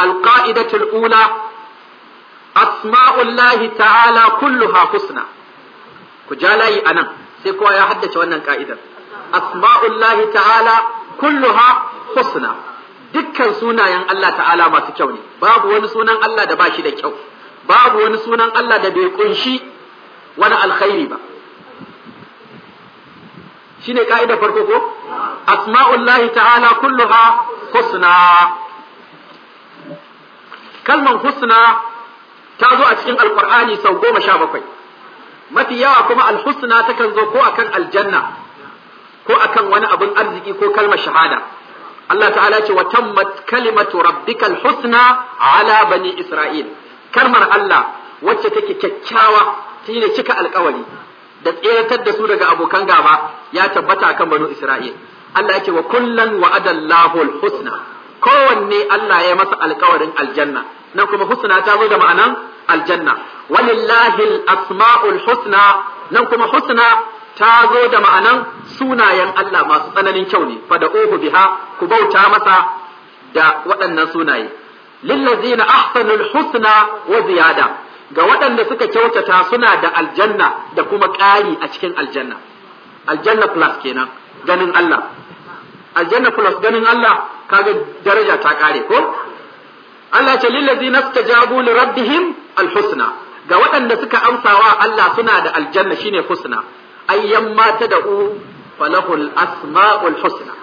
القائدة الأولى أسماء الله تعالى كلها حسنى كجالاي أنا سيكوا يا حدث وانا قائدة أسماء الله تعالى كلها حسنى dukkan sunayen Allah ta'ala masu kyau ne babu wani sunan Allah da bashi da kyau babu wani sunan Allah da bai kunshi wani alkhairi ba shine ka'idar farko ko asma'ullahi ta'ala kulluha husna kalman husna ta zo a cikin Alƙur'ani sau goma sha bakwai mafi yawa kuma alhusna takan zo ko akan aljanna ko akan wani abin arziki ko kalmar shahada Allah ta'ala ce wa tammat kalimatu rabbikal husna ala bani isra'il kalmar Allah wacce take kyakkyawa shine cika alkawari da tseratar da su daga abokan gaba ya tabbata kan banu Isra'il. Allah ya ce wa kullan wa adallahu husna kowanne Allah ya masa alkawarin aljanna nan kuma husna ta zo da ma'anan aljanna walillahi asmaul husna nan kuma husna ta zo da ma'anan sunayen Allah masu tsananin kyau ne fa da uhu biha ku bauta masa da waɗannan sunaye lillazina ahsanul husna wa ziyada ga waɗanda suka kyautata suna da aljanna da kuma ƙari a cikin aljanna aljanna plus kenan ganin Allah aljanna plus ganin Allah kaga daraja ta ƙare ko Allah ce lillazina istajabu li rabbihim alhusna ga waɗanda suka amsawa Allah suna da aljanna shine husna ayyan mata da u falahul asma'ul husna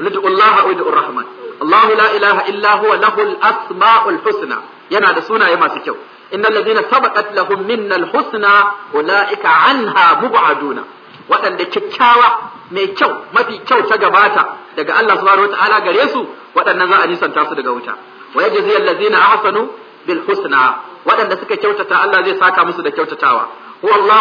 ندعو الله او rahman. الرحمن la ilaha اله الا هو له yana da sunaye masu kyau innal ladina sabaqat lahum minnal husna ulaika anha mubaduna waɗanda kyakkyawa mai kyau mafi kyau ta gabata daga Allah subhanahu wataala gare su waɗannan za a nisanta su daga wuta wa yajzi allazina ahsanu bil husna waɗanda suka kyautata Allah zai saka musu da kyautatawa هو الله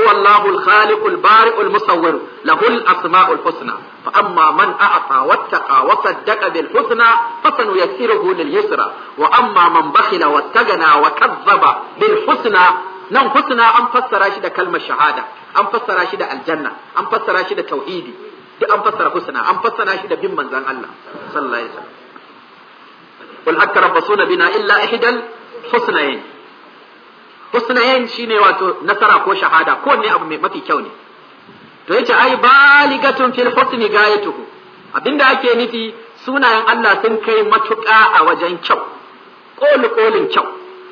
هو الله الخالق البارئ المصور له الأسماء الحسنى فأما من أعطى واتقى وصدق بالحسنى فسنيسره لليسرى وأما من بخل واتجنى وكذب بالحسنى nan husna an fassara shi da kalmar shahada an fassara shi da aljanna an fassara shi da tauhidi duk an fassara husna an fassara shi da bin manzan Allah sallallahu alaihi wasallam bina illa hidan husnayn shi shine wato nasara ko shahada ko ne abu mai mafi kyau ne to yace ai baligatun fil husni gayatuhu abinda ake nufi sunayen Allah sun kai matuƙa a wajen kyau ƙoli kolin kyau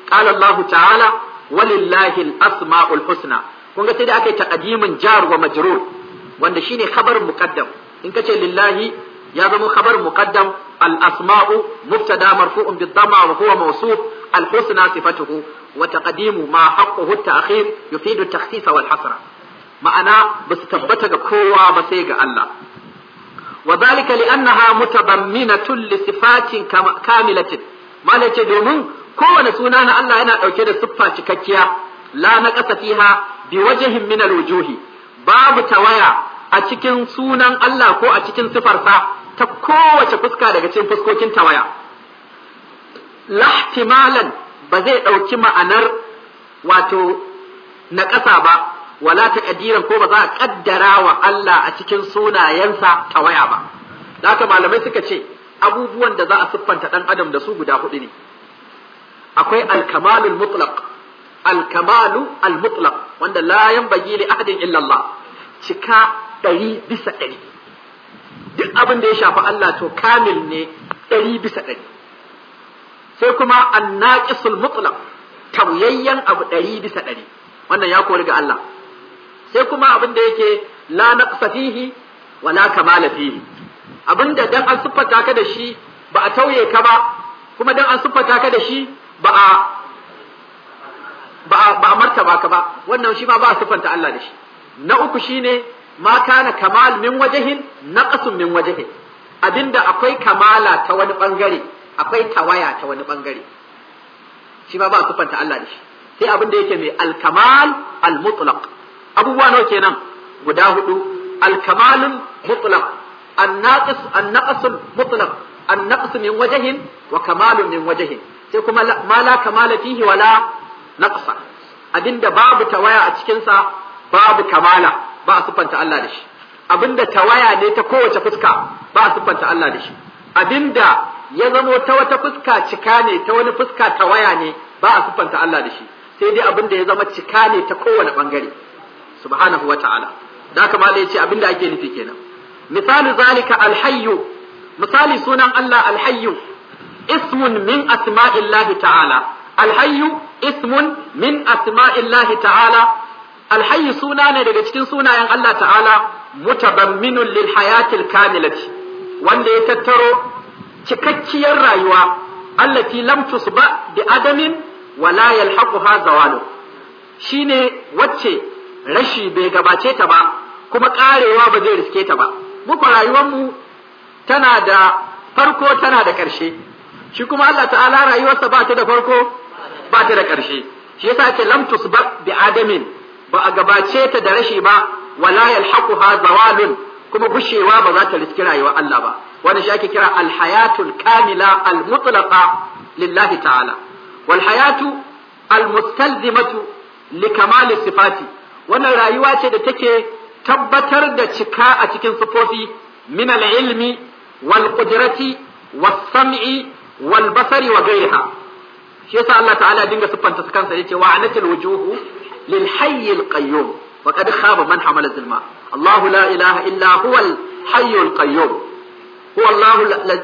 qala Allah ta'ala walillahi al-asma'ul husna kun ga sai da aka yi taqdimin jar wa majrur wanda shine khabar muqaddam in kace lillahi ya zama khabar muqaddam al-asma'u mubtada marfu'un bid-dhamma wa huwa mawsuf al-husna sifatuhu wa taqdimu ma haqquhu at-ta'khir yufidu at-takhsis wal hasra ma'ana basu tabbata ga kowa ba sai ga Allah wa dhalika li'annaha mutadamminatun li sifatin kamilatin malai ce domin kowane suna na Allah yana ɗauke da siffa cikakkiya la naqasa fiha bi waje min al-wujuhi babu tawaya a cikin sunan Allah ko a cikin sifarsa ta kowace fuska daga cikin fuskokin tawaya lahtimalan ba zai ɗauki ma'anar wato na ƙasa ba wala taƙadiran ko ba za a ƙaddara wa Allah a cikin sunayensa ta waya ba da haka malamai suka ce abubuwan da za a siffanta ɗan adam da su guda huɗu ne akwai alkamalul mutlaq alkamalu mutlaq wanda la yanbaghi li ahadin illa cika ɗari bisa ɗari duk abin da ya shafi Allah to kamil ne ɗari bisa ɗari sai kuma annaqisul mutlaq tauyayyen abu ɗari bisa ɗari wannan ya kori ga Allah sai kuma abin da yake la naqsa fihi wala kamala fihi abinda dan an siffata ka da shi ba a tauye ka ba kuma dan an siffata ka da shi ba a ba a, ba a martaba ka ba wannan shi ma ba a siffanta Allah da shi na uku shine ma kana kamal min wajahin naqasun min wajahin abinda akwai kamala ta wani bangare akwai tawaya ta wani bangare shi ba ba kufanta Allah da shi sai abin da yake mai al almutlaq abubuwa nawa kenan guda hudu alkamalun mutlaq annaqis annaqsul mutlaq annaqs min wajhin wa kamalun min wajhin sai kuma ma la kamala fihi wala naqsa abinda babu tawaya a cikin sa babu kamala ba a sifanta Allah da shi abinda tawaya ne ta kowace fuska ba a siffanta Allah da shi abinda ya zamo ta wata fuska cika ne ta wani fuska ta waya ne ba a siffanta Allah da shi sai dai abin da ya zama cika ne ta kowane bangare subhanahu wa ta'ala da haka ma yace abin da ake nufi kenan misali zalika alhayyu misali sunan Allah alhayyu ismun min asma'illahi ta'ala alhayyu ismun min asma'illahi ta'ala alhayyu suna ne daga cikin sunayen Allah ta'ala mutabamminun lil hayatil kamilati wanda ya tattaro cikakkiyar rayuwa allati lam tusba bi adamin wala yalhaquha zawalu shine wacce rashi bai gabace ta ba kuma karewa ba zai riske ta ba muku rayuwar mu tana da farko tana da ƙarshe shi kuma Allah ta'ala rayuwarsa ba ta da farko ba ta da ƙarshe shi yasa ce lam tusba bi adamin ba a gabace ta da rashi ba wala yalhaquha zawalun kuma bushewa ba za ta riske rayuwar Allah ba Wani shi ake kira alhayatul kamila almutlaqa lillahi ta'ala wal hayatu almustalzimatu kamali sifati wannan rayuwa ce da take tabbatar da cika a cikin sifofi min ilmi wal qudrati was sam'i wal basari wa ghayriha shi yasa Allah ta'ala dinga siffanta su kansa yace wa anatil wujuhu lil hayy al qayyum wa qad man hamala zulma Allah la ilaha illa huwa al huwa Allah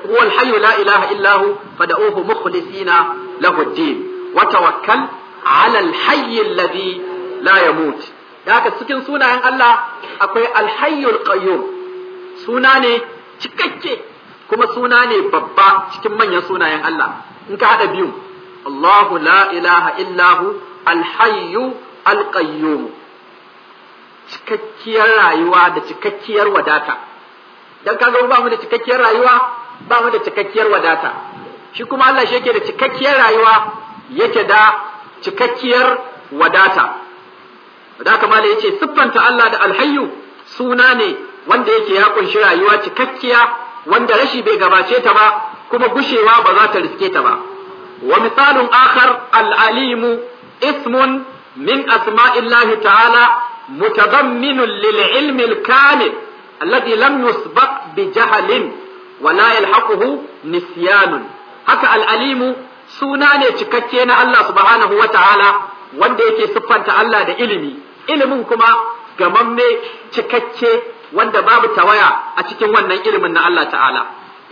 huwa la ilaha illa hu fad'uhu mukhlisina lahu ad-din wa tawakkal 'ala al-hayy alladhi la yamut da haka cikin sunayen Allah akwai al-hayyul suna ne cikakke kuma suna ne babba cikin manyan sunayen Allah in ka haɗa biyu Allahu la ilaha illa hu al-hayyu cikakkiyar rayuwa da cikakkiyar wadata dan kaga ba mu da cikakkiyar rayuwa ba mu da cikakkiyar wadata shi kuma Allah shi yake da cikakkiyar rayuwa yake da cikakkiyar wadata da haka mala yace siffanta Allah da alhayyu suna ne wanda yake ya kunshi rayuwa cikakkiya wanda rashi bai gabace ta ba kuma gushewa ba za ta riske ta ba wa misalun akhar al-alimu ismun min asma'illahi ta'ala mutadamminun lil ilmi kamil alladhi lam yusbaq bi jahalin wa haka al suna ne cikakke na Allah subhanahu wa ta'ala wanda yake siffanta Allah da ilimi ilimin kuma gamamme cikakke wanda babu tawaya a cikin wannan ilimin na Allah ta'ala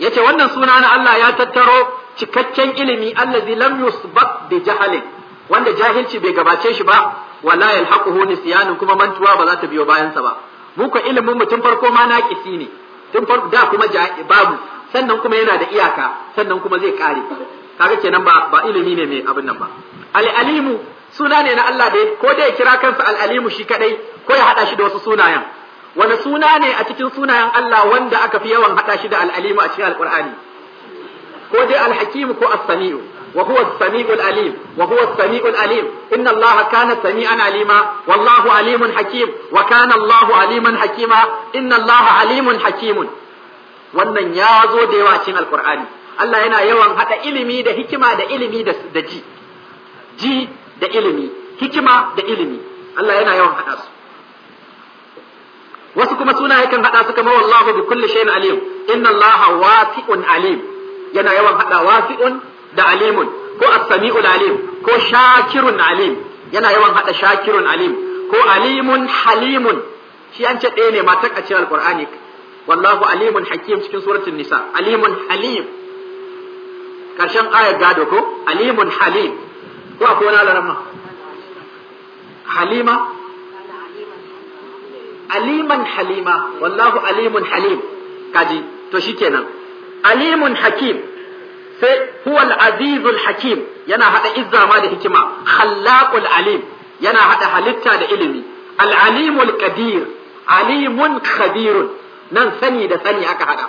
yace wannan suna na Allah ya tattaro cikakken ilimi allazi lam yusbaq bi jahalin wanda jahilci bai gabace shi ba wala yalhaquhu nisyanun kuma mantuwa ba za ta biyo bayansa ba mu ko ilimin mu tun farko ma naƙisi ne tun farko da kuma babu sannan kuma yana da iyaka sannan kuma zai kare kaga kenan ba ba ilimi ne mai abin nan ba al-alimu suna ne na Allah da ko da ya kira kansa al-alimu shi kadai ko ya hada shi da wasu sunayen wani suna ne a cikin sunayen Allah wanda aka fi yawan hada shi da al-alimu a cikin al ko dai al-hakimu ko as-sami'u وهو السميع العليم وهو السميع العليم إن الله كان سميعا عليما والله عليم حكيم وكان الله عليما حكيما إن الله عليم حكيم wannan ya zo da yawa cikin alkur'ani Allah yana yawan haɗa ilimi da hikima da ilimi da ji ji da ilimi hikima da ilimi Allah yana yawan haɗa su wasu kuma suna yakan haɗa su kamar wallahu bi kulli shay'in alim inna allaha wasi'un alim yana yawan haɗa wasi'un da alimun ko as-sami'ul alim ko shakirun alim yana yawan hada shakirun alim ko alimun halimun shi an ce ɗaya ne matar a cikin alqur'ani wallahu alimun hakim cikin suratul nisa alimun halim karshen ayar gado ko alimun halim ko akwai wani alarama halima aliman halima wallahu alimun halim kaji to shikenan alimun hakim sai huwal azizul hakim yana hada izza ma da hikima khallaqul alim yana hada halitta da ilimi al alimul kadir alimun khabirun nan sani da sani aka hada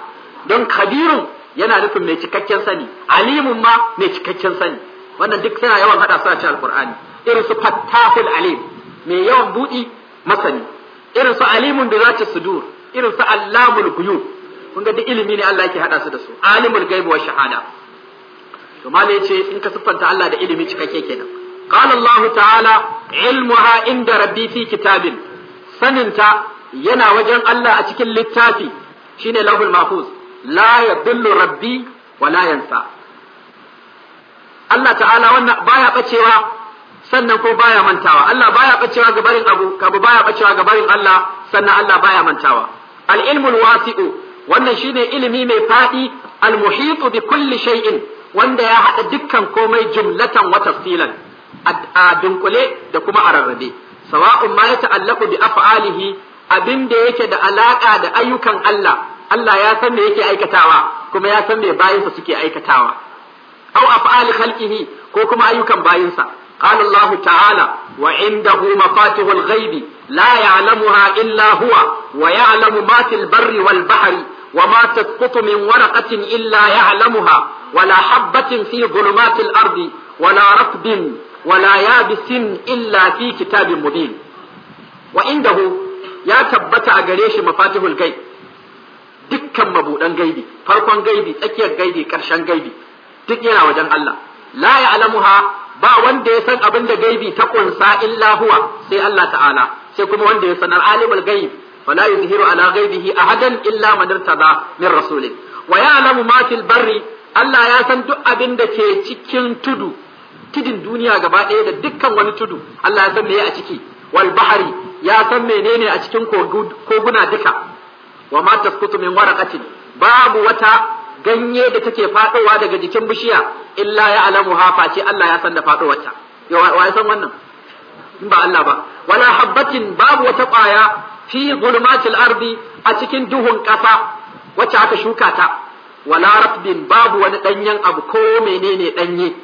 don khabirun yana nufin mai cikakken sani alimun ma mai cikakken sani wannan duk suna yawan hada su a cikin alqur'ani irin su fattahul alim mai yawan budi masani irin su alimun bi zati sudur irin su allamul ghuyub kun ga duk ilimi ne Allah yake hada su da su alimul ghaibi wa shahada to malai ce in ka siffanta Allah da ilimi cikakke kenan qala Allah ta'ala ilmuha inda rabbi fi kitabin saninta yana wajen Allah a cikin littafi shine lahul mahfuz la yadullu rabbi wa la yansa Allah ta'ala wannan baya bacewa sannan ko baya mantawa Allah baya bacewa ga barin abu kabu baya bacewa ga barin Allah sannan Allah baya mantawa al ilmul wasi'u wannan shine ilimi mai fadi al muhitu bi kulli shay'in wanda ya haɗa dukkan komai jumlatan wa tafsilan a dunkule da kuma a rarrabe sawa'un ma ya ta'allaqu bi af'alihi abin da yake da alaka da ayyukan Allah Allah ya san me yake aikatawa kuma ya san me bayinsa suke aikatawa aw af'ali khalqihi ko kuma ayyukan bayinsa قال الله تعالى وعنده La الغيب لا illa إلا هو ويعلم ما في البر والبحر وما تسقط من ورقة إلا يعلمها ولا حبة في ظلمات الأرض ولا رطب ولا يابس إلا في كتاب مبين وعنده يا تبت أجريش مفاتيح الغيب dukkan mabuɗan gaibi farkon gaibi tsakiyar gaibi ƙarshen gaibi duk yana wajen Allah la ya'lamuha ba wanda ya san abin da gaibi ta kunsa illa huwa sai Allah ta'ala sai kuma wanda ya sanar alimul gaibi. فلا يظهر على غيبه أحدا إلا من ارتضى من رسوله ويعلم ما في البر Allah ya san duk abin da ke cikin tudu, tudun duniya gaba ɗaya da dukkan wani tudu, Allah ya san me a ciki, wal bahari ya san menene a cikin koguna duka, wa ma taskutu min waraqatin babu wata ganye da take faɗowa daga jikin bishiya illa ya alamu hafa ce Allah ya san da faɗowarta. Wa ya san wannan? In ba Allah ba. Wala habbatin babu wata ƙwaya fi zulmatil ardi a cikin duhun ƙasa wacce aka shuka ta wala rabbin babu wani danyen abu ko menene danye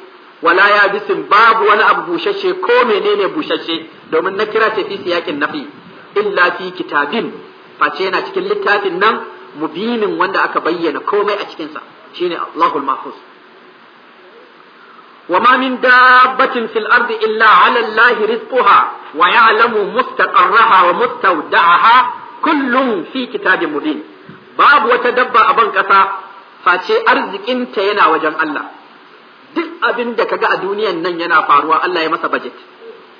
wala yabisin babu wani abu bushashe ko menene bushashe domin na kira ce fi siyakin nafi illa fi kitabin face yana cikin littafin nan mubinin wanda aka bayyana komai a cikinsa shine Allahul Mahfuz wa ma min dabbatin fil ardi illa ala allahi rizquha wa ya'lamu mustaqarraha wa mustawda'aha kullum fi kitabin mubin babu wata dabba a ban ƙasa, face arzikinta yana wajen Allah duk abin da kaga a duniyan nan yana faruwa Allah ya masa bajet,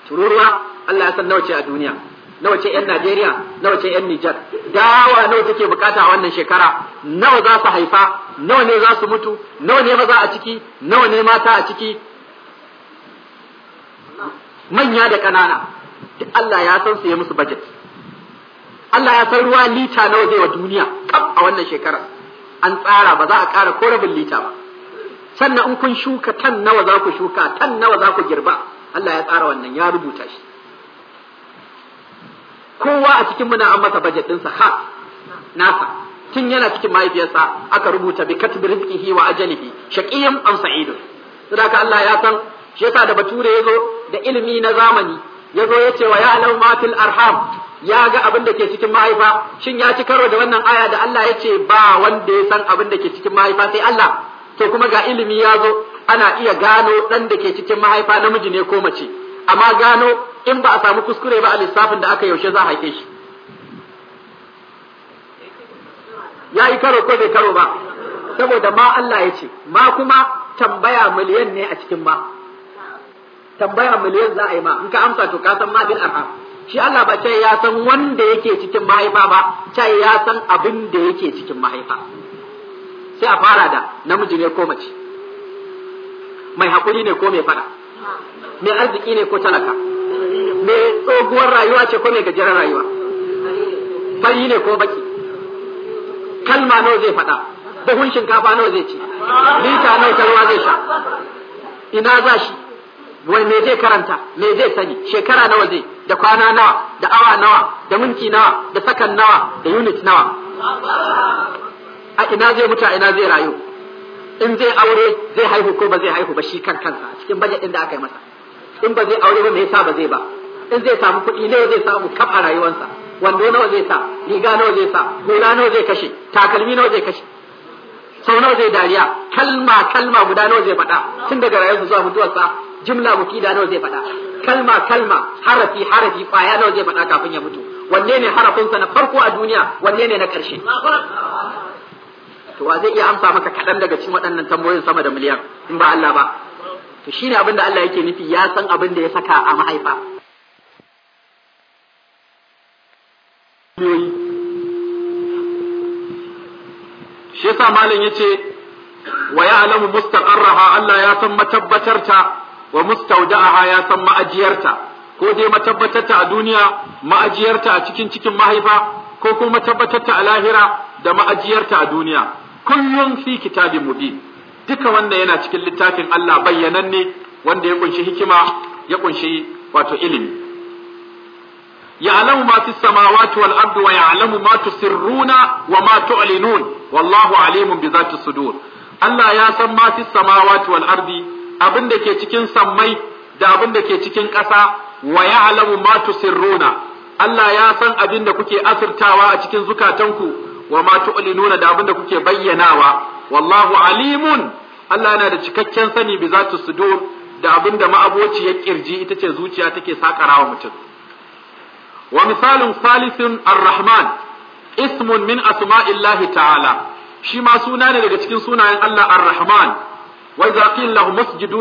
tururuwa Allah ya san nawa ce a duniya nawa ce yan Najeriya nawa ce yan Nijar dawa nawa take bukata a wannan shekara nawa za su haifa nawa ne za su mutu nawa ne maza a ciki nawa ne mata a ciki manya da ƙanana duk Allah ya san su ya musu budget Allah ya san ruwa lita nawa zai wa duniya kaf a wannan shekara an tsara ba za a ƙara ko rabin lita ba sannan in kun shuka tan nawa za ku shuka tan nawa za ku girba Allah ya tsara wannan ya rubuta shi kowa a cikin muna an masa bajet ɗinsa ha nasa tun yana cikin mahaifiyarsa aka rubuta bi katbi rizqihi wa ajalihi shaqiyyan am sa'idun saboda Allah ya san shi yasa da bature yazo da ilimi na zamani yazo ya ce wa ya'lamu ma fil arham ya ga abin da ke cikin mahaifa shin ya ci karo da wannan aya da Allah ya ce ba wanda ya san abin da ke cikin mahaifa sai Allah to kuma ga ilimi ya zo ana iya gano dan da ke cikin mahaifa namiji ne ko mace amma gano in ba a samu kuskure ba a lissafin da aka yaushe za a haife shi ya yi karo ko bai karo ba saboda ma Allah ya ce ma kuma tambaya miliyan ne a cikin ma tambaya miliyan za a yi ma in ka amsa to ka san ma bil arham shi Allah ba ce ya san wanda yake cikin mahaifa ba ce ya san abin da yake cikin mahaifa sai a fara da namiji ne ko mace mai haƙuri ne ko mai fada mai arziki ne ko talaka me tsohuwar rayuwa ce ko me gajeren rayuwa fari ne ko baki kalma nawa zai faɗa buhun shinkafa nawa zai ci lita nawa talwa zai sha ina za shi wai me zai karanta me zai sani shekara nawa zai da kwana nawa da awa nawa da minti nawa da sakan nawa da unit nawa a ina zai mutu a ina zai rayu in zai aure zai haihu ko ba zai haihu ba shi kan kansa a cikin bajet din da aka yi masa in ba zai aure ba me yasa ba zai ba in zai samu kuɗi nawa zai samu kaf a rayuwarsa wando nawa zai sa riga nawa zai sa hula nawa zai kashe takalmi nawa zai kashe sau nawa zai dariya kalma kalma guda nawa zai faɗa tun daga rayuwarsa zuwa mutuwarsa jimla mufida nawa zai faɗa kalma kalma harafi harafi kwaya nawa zai faɗa kafin ya mutu wanne ne harafinsa na farko a duniya wanne ne na ƙarshe to wa zai iya amsa maka kaɗan daga cikin waɗannan tambayoyin sama da miliyan in ba Allah ba to shine abin da Allah yake nufi ya san abin da ya saka a mahaifa hanyoyi shi yasa malam yace wa ya'lamu mustaqarraha Allah ya san matabbatarta wa mustawda'aha ya san ma'ajiyarta ko dai matabbatarta a duniya ma'ajiyarta a cikin cikin mahaifa ko kuma matabbatarta a lahira da ma'ajiyarta a duniya kullun fi kitabin mubin duka wannan yana cikin littafin Allah bayyananne wanda ya kunshi hikima ya kunshi wato ilimi ya'lamu ma fis samawati wal ardi wa ya'lamu ma tusirruna wa ma tu'linun wallahu alimun bi zati sudur Allah ya san ma samawati wal ardi abin da ke cikin sammai da abin da ke cikin ƙasa wa ya'lamu ma tusirruna Allah ya san abin da kuke asirtawa a cikin zukatanku wa ma tu'linuna da abin da kuke bayyanawa wallahu alimun Allah yana da cikakken sani bi zati sudur da abin da ma'aboci ya kirji ita ce zuciya take sakarawa mutum wa misalin salisin ar-rahman ismun min asma'illahi ta'ala shi ma suna ne daga cikin sunayen Allah ar-rahman wa idza qila lahum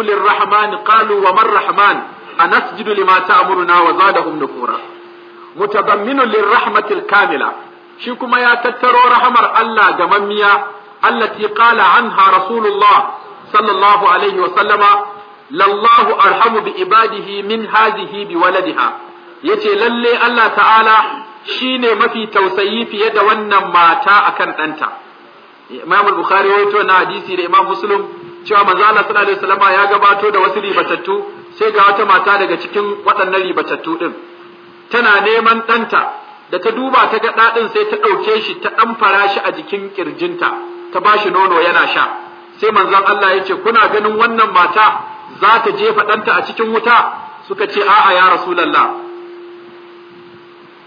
lir-rahman qalu wa man a nasjidu lima ta'muruna wa zadahum nufura mutadamminu lir-rahmati al-kamila shi kuma ya tattaro rahamar Allah ga mammiya allati qala anha rasulullah sallallahu alaihi wa sallama lallahu arhamu bi ibadihi min hadhihi bi waladiha yace lalle Allah ta'ala shine mafi tausayi fiye da wannan mata a kan ɗanta Imam Bukhari wato na hadisi da Imam Muslim cewa manzo Allah sallallahu alaihi wasallam ya gabato da wasu ribatattu sai ga wata mata daga cikin waɗannan ribatattu din tana neman ɗanta da ta duba ta ga ɗaɗin sai ta ɗauke shi ta ɗamfara shi a jikin ƙirjinta ta ba shi nono yana sha sai manzon Allah ya ce kuna ganin wannan mata za ta jefa ɗanta a cikin wuta suka ce a'a ya rasulallah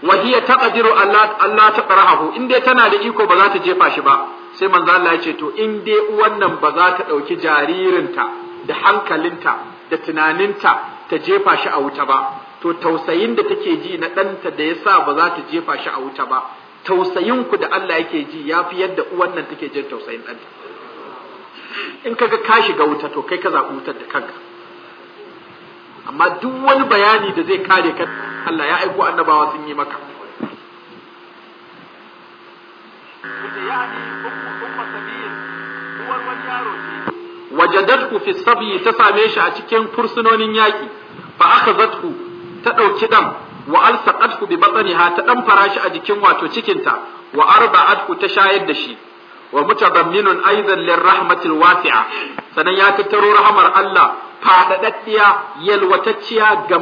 wa hiya taqdiru Allah Allah taqrahu in dai tana da iko ba za ta jefa shi ba sai manzo Allah ya ce to in dai uwan nan ba za ta dauki jaririnta da hankalinta da tunaninta ta jefa shi a wuta ba to tausayin da take ji na ɗanta da ya sa ba za ta jefa shi a wuta ba tausayin ku da Allah yake ji ya fi yadda uwan nan take jin tausayin ɗanta in kaga ka shiga wuta to kai ka zaɓi wutar da kanka amma duk wani bayani da zai kare ka Allah ya aiko annabawa sun yi maka wajadatku fi sabi ta same shi a cikin fursunonin yaƙi fa zatku ta ɗauki ɗan wa alsaqatku bi batniha ta ɗan farashi a jikin wato cikinta wa arba'atku ta shayar da shi wa mutadamminun aidan lirrahmatil wasi'a sanan ya tattaro rahmar Allah fadadaddiya yalwatacciya ga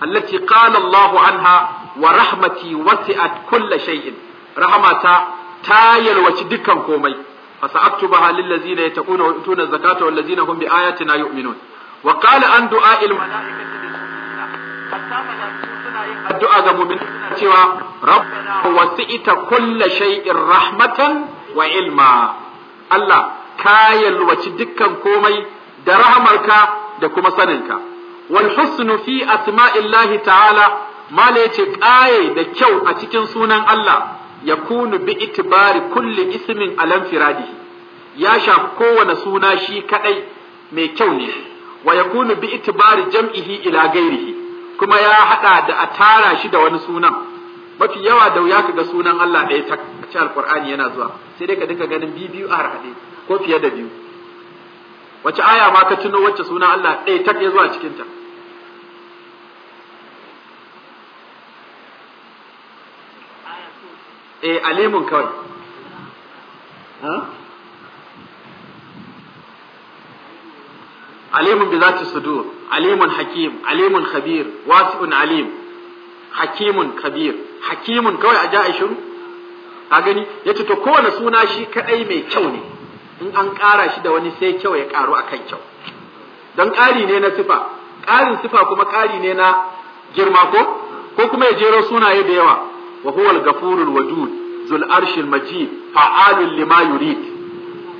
allati qala Allahu anha wa rahmati wasi'at kulla shay'in rahmata ta yalwaci dukkan komai fasa'aktubaha lil ladzina yattaquna wa yutuna zakata wal ladzina hum bi ayatina yu'minun wa qala an du'a'il malaikati addu'a ga mumin cewa rabbana wasi'ita kulla shay'in rahmatan wa ilma Allah ka yalwaci dukkan komai da rahamarka da kuma saninka wal husnu fi asma'illahi ta'ala mala yace ƙaye da kyau a cikin sunan Allah yakunu bi itibari kulli ismin alam firadihi ya shafi kowane suna shi kadai mai kyau ne wa yakunu bi itibari jam'ihi ila gairihi kuma ya hada da a tara shi da wani sunan mafi yawa da ya kaga sunan Allah ɗaya tak ce alqur'ani yana zuwa sai dai ka dinka ganin biyu biyu a harhaɗe ko fiye da biyu wace aya ma ka tuno wacce suna Allah ɗaya ta ya zuwa cikin ta eh alimun kawai alimun bi zati sudur alimun hakim alimun khabir wasi'un alim hakimun kabir hakimun kawai a ja'a shiru a gani yace to kowane suna shi kadai mai kyau ne in an ƙara shi da wani sai kyau ya ƙaru akan kyau don ƙari ne na sifa ƙarin sifa kuma ƙari ne na girma ko ko kuma ya jero sunaye da yawa wa huwa al-ghafurul wadud zul arshil majid fa'alul lima yurid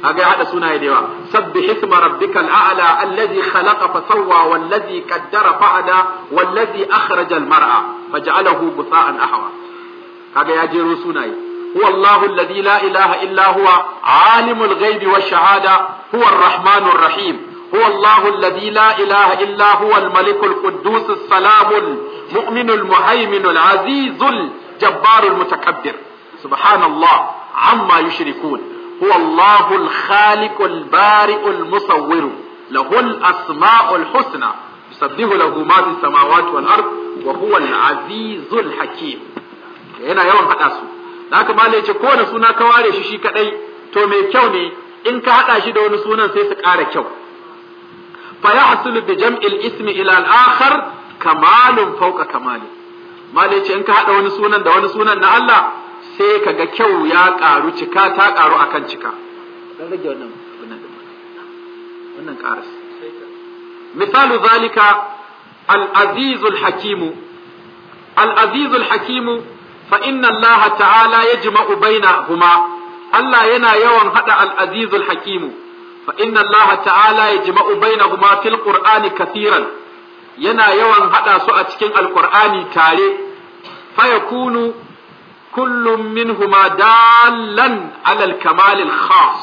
aga hada sunaye da yawa sabbih isma rabbikal a'la allazi khalaqa fa sawwa wallazi qaddara fa hada wallazi akhraja mar'a faj'alahu ghutha'an ahwa kaga ya jero sunaye هو الله الذي لا إله إلا هو عالم الغيب والشهادة هو الرحمن الرحيم هو الله الذي لا إله إلا هو الملك القدوس السلام المؤمن المهيمن العزيز الجبار المتكبر سبحان الله عما يشركون هو الله الخالق البارئ المصور له الأسماء الحسنى يسبح له ما في السماوات والأرض وهو العزيز الحكيم هنا يوم حدثه haka mala yace kowane suna ka ware shi shi kadai to mai kyau ne in ka hada shi da wani sunan sai su kara kyau fa ya yahsul bi jam'il ismi ila al-akhar kamalun fawqa kamali mala yace in ka hada wani sunan da wani sunan na Allah sai ka ga kyau ya karu cika ta karu akan cika dan rage wannan wannan wannan karas misalu zalika al-azizul hakimu al-azizul hakimu fa inna Allah ta'ala yajma'u bainahuma Allah yana yawan hada al-azizul hakimu fa inna Allah ta'ala yajma'u bainahuma fil qur'ani kathiran yana yawan hada su a cikin al-qur'ani tare fa yakunu kullum minhuma dallan ala al-kamal al-khas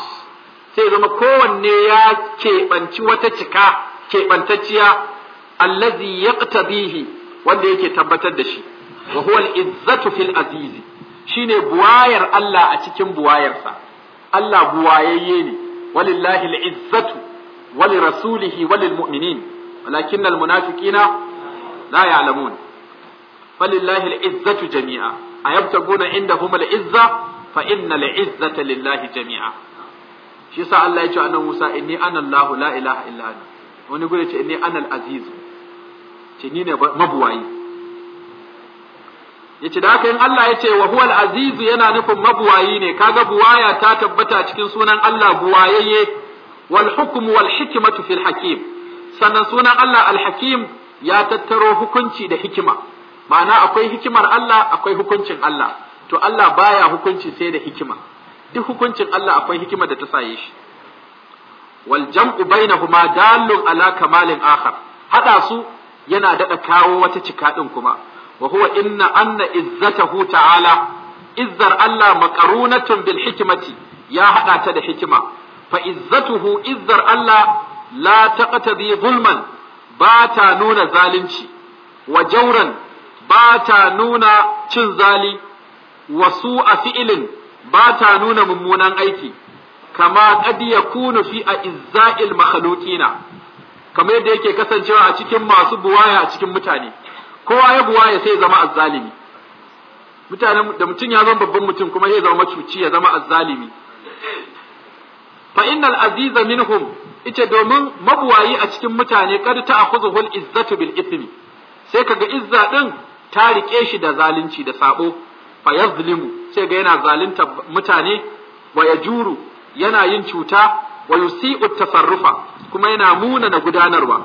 sai zama kowanne ya keɓanci wata cika keɓantacciya allazi yaqtabihi wanda yake tabbatar da shi wa huwa izzatu fil Azizi shine buwayar Allah a cikin buwayarsa Allah buwayayye ne walillahi al-izzatu wali rasulihi walil mu'minin walakin al-munafiqina la ya'lamun falillahi al-izzatu jami'a lillahi jami'a shi sa Allah ya ce annabi Musa inni ana Allah la ilaha illa ana wani gure ce inni ana al-aziz ce ni ne mabuwayi yace da haka in Allah yace wa huwal aziz yana nufin mabuwayi ne kaga buwaya ta tabbata cikin sunan Allah buwayeye wal hukm wal hikmatu fil hakim sannan sunan Allah al hakim ya tattaro hukunci da hikima ma'ana akwai hikimar Allah akwai hukuncin Allah to Allah baya hukunci sai da hikima duk hukuncin Allah akwai hikima da ta saye shi wal jam'u bainahuma dalun ala kamalin akhar hada su yana dada kawo wata cika ɗin kuma wa huwa inna anna izzatahu ta'ala izzar Allah maqarunatun bil hikmati ya hada ta da hikima fa izzatuhu izzar Allah la taqtadi zulman ba ta nuna zalunci wa jawran ba ta nuna cin zali Wasu a fi'ilin ba ta nuna mummunan aiki kama qad a fi izza'il makhluqina kamar yadda yake kasancewa a cikin masu buwaya a cikin mutane kowa ya buwa ya sai zama azzalimi mutanen da mutum ya zama babban mutum kuma ya zama macuci ya zama azzalimi fa innal aziza minhum ita domin mabuwayi a cikin mutane kad ta akhuzuhul izzatu bil ithmi sai kaga izza din ta rike shi da zalunci da sabo fa yazlimu sai ga yana zalunta mutane wa yajuru yana yin cuta wa yusi'u tasarrufa kuma yana muna na gudanarwa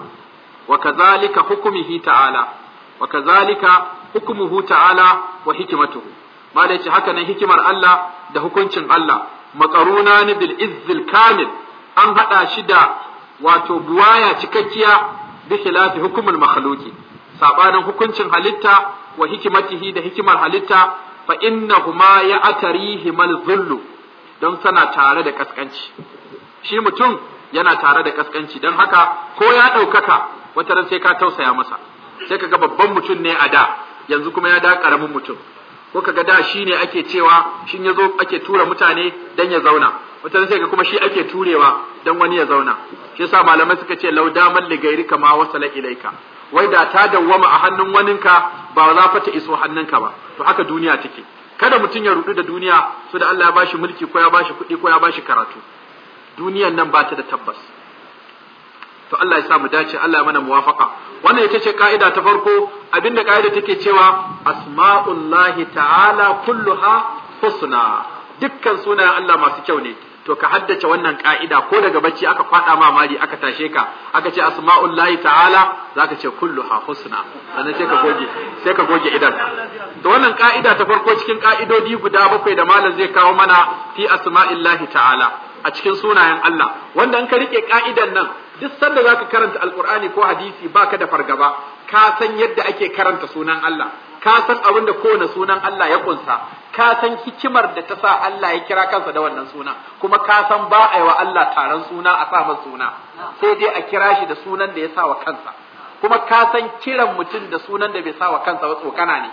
wa kazalika hukumihi ta'ala Wakazalika kazalika ta'ala wa hikmatuhu malai ce haka hikimar Allah da hukuncin Allah makaruna ni bil izzil kamil an haɗa shi da wato buwaya cikakkiya bi khilafi hukumul makhluqi sabanin hukuncin halitta wa hikimatihi da hikimar halitta fa'inna fa innahuma ya'tarihimal zullu don sana tare da ƙasƙanci. shi mutum yana tare da kaskanci don haka ko ya ɗaukaka wata ran sai ka tausaya masa sai kaga babban mutum ne a da yanzu kuma ya da karamin mutum ko kaga da shi ne ake cewa shi ya ake tura mutane dan ya zauna mutane sai ga kuma shi ake turewa dan wani ya zauna shi yasa malamai suka ce lauda malli ligairi kama wasala ilaika wai da ta dawwama a hannun waninka ba za fa ta iso hannunka ba to haka duniya take kada mutum ya rudu da duniya su da Allah ya bashi mulki ko ya bashi kuɗi ko ya bashi karatu duniyan nan ba ta da tabbas to Allah ya sa mu dace Allah ya mana muwafaka wannan ita ce ka'ida ta farko abinda ka'ida take cewa asma'ullahi ta'ala kulluha husna dukkan sunayen Allah masu kyau ne to ka haddace wannan ka'ida ko daga bacci aka kwada ma mali aka tashe ka aka ce asma'ullahi ta'ala zaka ce kulluha husna sannan sai ka goge sai ka goge idan to wannan ka'ida ta farko cikin ka'idodi guda bakwai da malam zai kawo mana fi asma'illahi ta'ala a cikin sunayen Allah wanda an ka rike ka'idan nan duk sanda zaka karanta alqur'ani ko hadisi baka da fargaba ka san yadda ake karanta sunan Allah ka san abin da kowane sunan Allah ya kunsa ka san hikimar da ta sa Allah ya kira kansa da wannan suna kuma ka san ba a yi wa Allah taron suna a sa masa suna sai dai a kira shi da sunan da ya sa wa kansa kuma ka san kiran mutum da sunan da bai sa wa kansa ba tsokana ne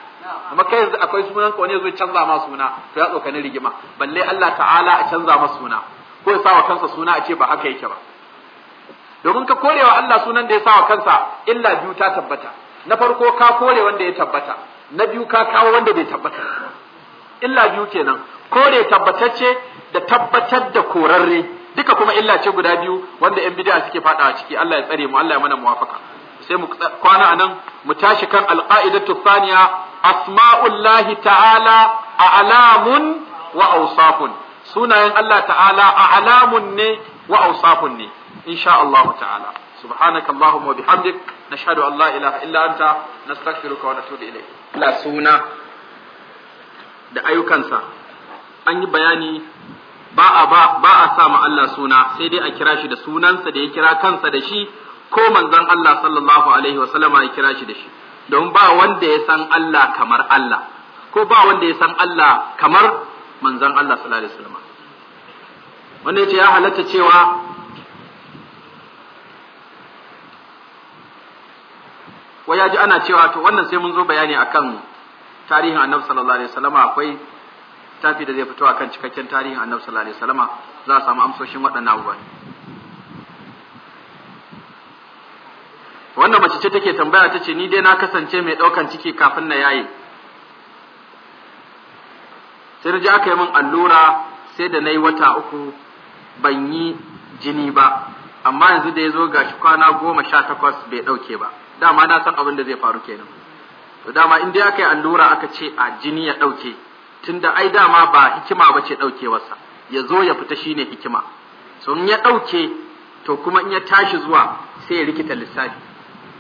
amma kai yanzu akwai sunan ka wani zai canza ma suna to ya tsokani rigima balle Allah ta'ala a canza masa suna ko ya sa wa kansa suna a ce ba haka yake ba domin ka kore wa Allah sunan da ya sa wa kansa illa biyu ta tabbata na farko ka kore wanda ya tabbata na biyu ka kawo wanda bai tabbata illa biyu kenan kore tabbatacce da tabbatar da korarre duka kuma illa ce guda biyu wanda yan bid'a suke fadawa ciki Allah ya tsare mu Allah ya mana muwafaka sai mu kwana anan mu tashi kan alqaidatu thaniya asma'ullahi ta'ala a'lamun wa awsafun sunayen Allah ta'ala a'lamun ne wa awsafun ne insha Allah ta'ala subhanaka allahumma bihamdik nashhadu an la ilaha illa anta nastaghfiruka wa natubu ilayk la suna da ayyukansa an yi bayani ba a ba, ba a sa ma Allah suna sai dai a kira shi da sunansa da ya kira kansa da shi ko manzon Allah sallallahu alaihi wa sallama ya kira shi da shi don ba wanda ya san Allah kamar Allah ko ba wanda ya san Allah kamar manzon Allah sallallahu alaihi wa sallama wanda ya halatta cewa wai ya ji ana cewa to wannan sai mun zo bayani akan tarihin annabi sallallahu alaihi wasallam akwai tafi da zai fito akan cikakken tarihin annabi sallallahu alaihi wasallam za a samu amsoshin waɗannan abubuwa wannan mace ce take tambaya ta ce ni dai na kasance mai ɗaukan ciki kafin na yaye sai ji aka yi min allura sai da na yi wata uku ban yi jini ba amma yanzu da ya zo gashi kwana goma sha takwas bai ɗauke ba dama na san abin da zai faru kenan to dama in dai aka yi allura aka ce a jini ya ɗauke tunda ai dama ba hikima ba ce ɗaukewarsa ya zo ya fita shine hikima so in ya ɗauke to kuma in ya tashi zuwa sai ya rikita lissafi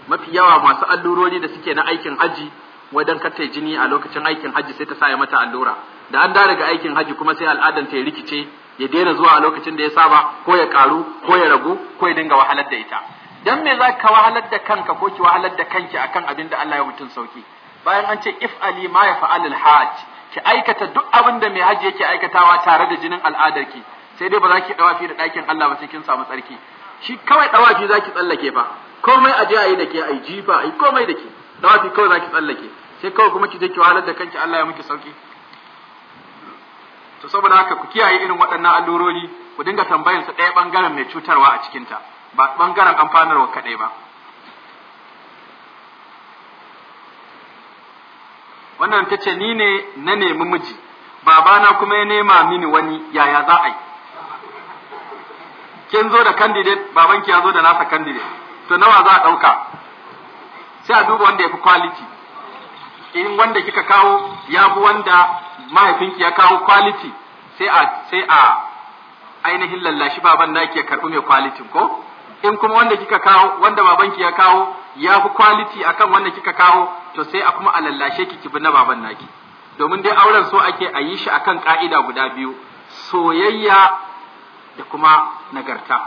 mafi yawa masu allurori da suke na aikin haji wajen kata jini a lokacin aikin haji sai ta sa ya mata allura da an da daga aikin haji kuma sai al'adan ta yi rikice ya daina zuwa a lokacin da ya saba ko ya karu ko ya ragu ko ya dinga wahalar da ita dan me za ka wahalar da kanka ko ki wahalar da kanki akan abin da Allah ya mutum sauki bayan an ce if ali ma ya fa'alul hajj ki aikata duk abin da mai haji yake aikatawa tare da jinin al'adarki, sai dai ba za ki dawafi da ɗakin Allah ba sai kin samu tsarki shi kawai dawafi za ki tsallake fa komai aje a yi da ke a yi jifa a yi komai da ke dawafi kawai za ki tsallake sai kawai kuma ki je ki wahalar da kanki Allah ya miki sauki to saboda haka ku kiyaye irin waɗannan allurori ku dinga su ɗaya ɓangaren mai cutarwa a cikinta. ta ba bangaren amfanarwa kaɗai ba wannan ta ce ni ne na nemi miji babana kuma ya nema mini wani yaya za a yi kin zo da candidate babanki ya zo da nasa candidate to nawa za a ɗauka sai a duba wanda ya fi quality in wanda kika kawo ya fi wanda mahaifinki ya kawo quality sai a sai a ainihin lallashi baban naki ya karɓi mai quality ko in kuma wanda kika kawo wanda babanki ya kawo ya fi quality akan wanda kika kawo to sai a kuma alallashe ki ki bi na baban naki domin dai auren so ake a yi shi akan ka'ida guda biyu soyayya da kuma nagarta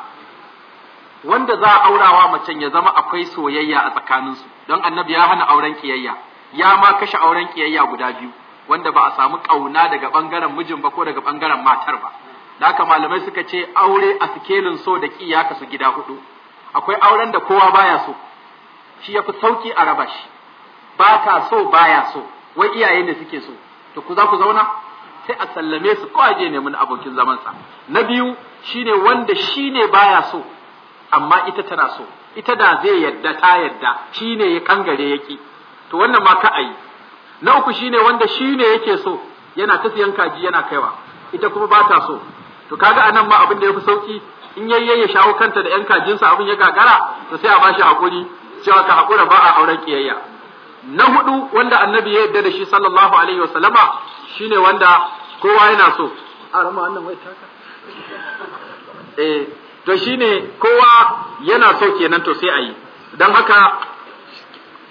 wanda za a aurawa macen ya zama akwai soyayya a tsakaninsu don annabi ya hana auren kiyayya ya ma kashe auren kiyayya guda biyu wanda ba a samu ƙauna daga ɓangaren mijin ba ko daga ɓangaren matar ba da haka malamai suka ce aure a sikelin so da ƙiya ya kasu gida hudu akwai auren da kowa baya so shi ya fi sauki a raba shi ba ka so baya so wai iyaye ne suke so to ku za ku zauna sai a sallame su ko aje ne mun abokin zamansa na biyu shine wanda shine baya so amma ita tana so ita da zai yadda ta yadda shine ya kangare yaki to wannan ma ka ayi na uku shine wanda shi ne yake so yana ta siyan kaji yana kaiwa ita kuma ba ta so to kaga anan ma abin da yafi sauki in yayye ya shawo kanta da yan kajinsa abin ya gagara to sai a bashi hakuri cewa ka hakura ba a auren kiyayya na hudu wanda annabi ya yarda da shi sallallahu alaihi wasallama shine wanda kowa yana so arama annan wai taka eh to shine kowa yana so kenan to sai ayi dan haka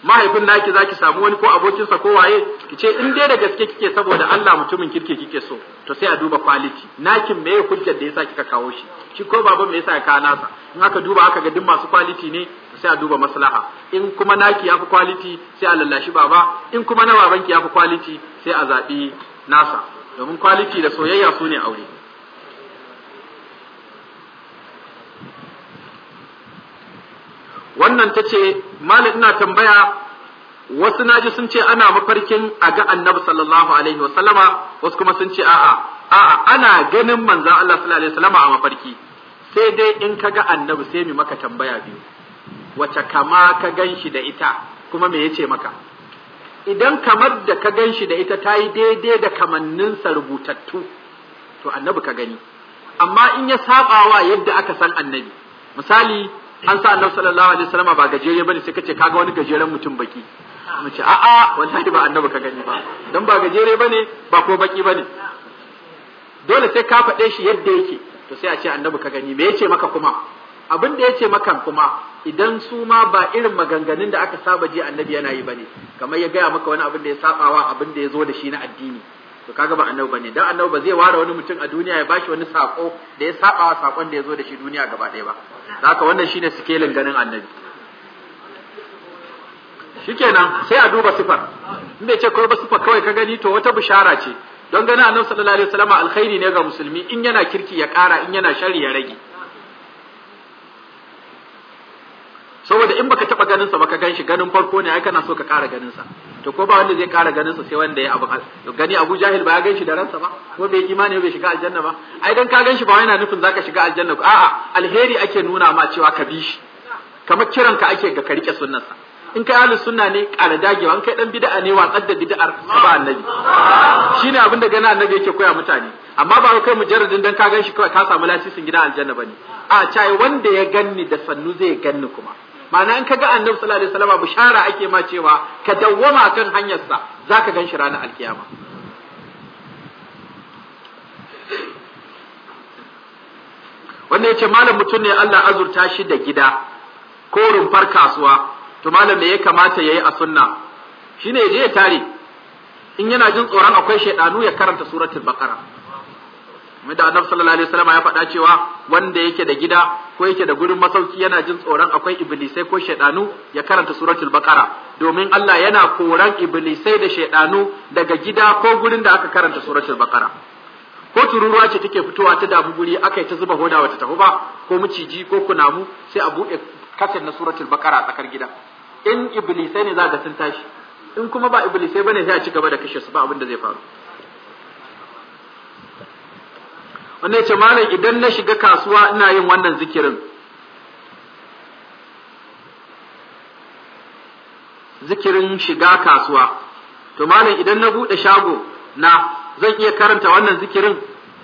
mahaifin naki zaki samu wani ko abokinsa ko waye ki ce in dai da gaske kike saboda Allah mutumin kirki kike so to sai a duba quality nakin me ya hujjar da yasa kika kawo shi shi ko baban me yasa ya kawo nasa in aka duba aka ga duk masu quality ne sai a duba maslaha in kuma naki yafi quality sai a lallashi baba in kuma na baban babanki yafi quality sai a zabi nasa domin quality da soyayya su ne aure wannan ta ce malam ina tambaya wasu naji sun ce ana mafarkin a ga annabi sallallahu alaihi wasallama wasu kuma sun ce a'a a'a ana ganin manzan Allah sallallahu alaihi wasallama a mafarki sai dai in ka ga annabi sai mu maka tambaya biyu wace kama ka ganshi da ita kuma me yace maka idan kamar da ka ganshi da ita ta yi daidai da kamannin sa rubutattu to annabi ka gani amma in ya sabawa yadda aka san annabi misali an sa annabi sallallahu alaihi wasallama ba gajere bane sai kace kaga wani gajeren mutum baki mu ce a'a wallahi ba annabi ka gani ba dan ba gajere bane ba ko baki bane dole sai ka faɗe shi yadda yake to sai a ce annabi ka gani me yace maka kuma abin da yace maka kuma idan su ma ba irin maganganun da aka saba ji annabi yana yi bane kamar ya gaya maka wani abin da ya sabawa abin da ya zo da shi na addini to kaga ba annabi bane dan annabi ba zai ware wani mutum a duniya ya bashi wani sako da ya sabawa sakon da ya zo da shi duniya gaba ɗaya ba haka wannan shine sikelin ganin annabi shikenan sai a duba sifar in bai ce kawai ba sifar kawai ka gani to wata bishara ce don gani annabi sallallahu alaihi wasallam alkhairi ne ga musulmi in yana kirki ya ƙara in yana shari ya rage saboda in baka taba ganin sa baka gan shi ganin farko ne ai kana so ka ƙara ganin sa to ko ba wanda zai ƙara ganin sa sai wanda ya abu gani Abu Jahil ba ya gan shi da ransa ba ko bai imani bai shiga aljanna ba ai dan ka gan shi ba yana nufin zaka shiga aljanna ko a'a alheri ake nuna ma cewa ka bi shi kamar kiranka ake ga ka rike sunnarsa in kai ahlus sunna ne ƙara dagewa in kai dan bid'a ne watsar da bid'ar ba annabi shine abin da gana annabi yake koya mutane amma ba kai mujarradin dan ka gan shi ka samu lasisin gidan aljanna bane a cai wanda ya ganni da sannu zai ganni kuma Mana in ka ga annabi sallallahu alaihi wasallam bishara ake ma cewa ka dawwama kan sa zaka gan shi ranar alkiyama wanda yace ce malam mutum ne Allah azurta shi da gida ko rumfar kasuwa to malam me ya kamata yayi a sunna shine je ya tare in yana jin tsoron akwai shaidanu ya karanta suratul baqara mai da annabi sallallahu alaihi wasallam ya faɗa cewa wanda yake da gida ko yake da gurin masauki yana jin tsoron akwai iblisai ko shaidanu ya karanta suratul baqara domin Allah yana koran iblisai da shaidanu daga gida ko gurin da aka karanta suratul baqara ko tururuwa ce take fitowa ta damu guri aka yi ta zuba hoda wata tafi ba ko miciji ko kunamu sai a buɗe kasar na suratul baqara a tsakar gida in iblisai ne za ka sun tashi in kuma ba iblisai ne sai a ci gaba da kashe su ba abin da zai faru wanda ya ce malam idan na shiga kasuwa ina yin wannan zikirin zikirin shiga kasuwa to malam idan na bude shago na zan iya karanta wannan zikirin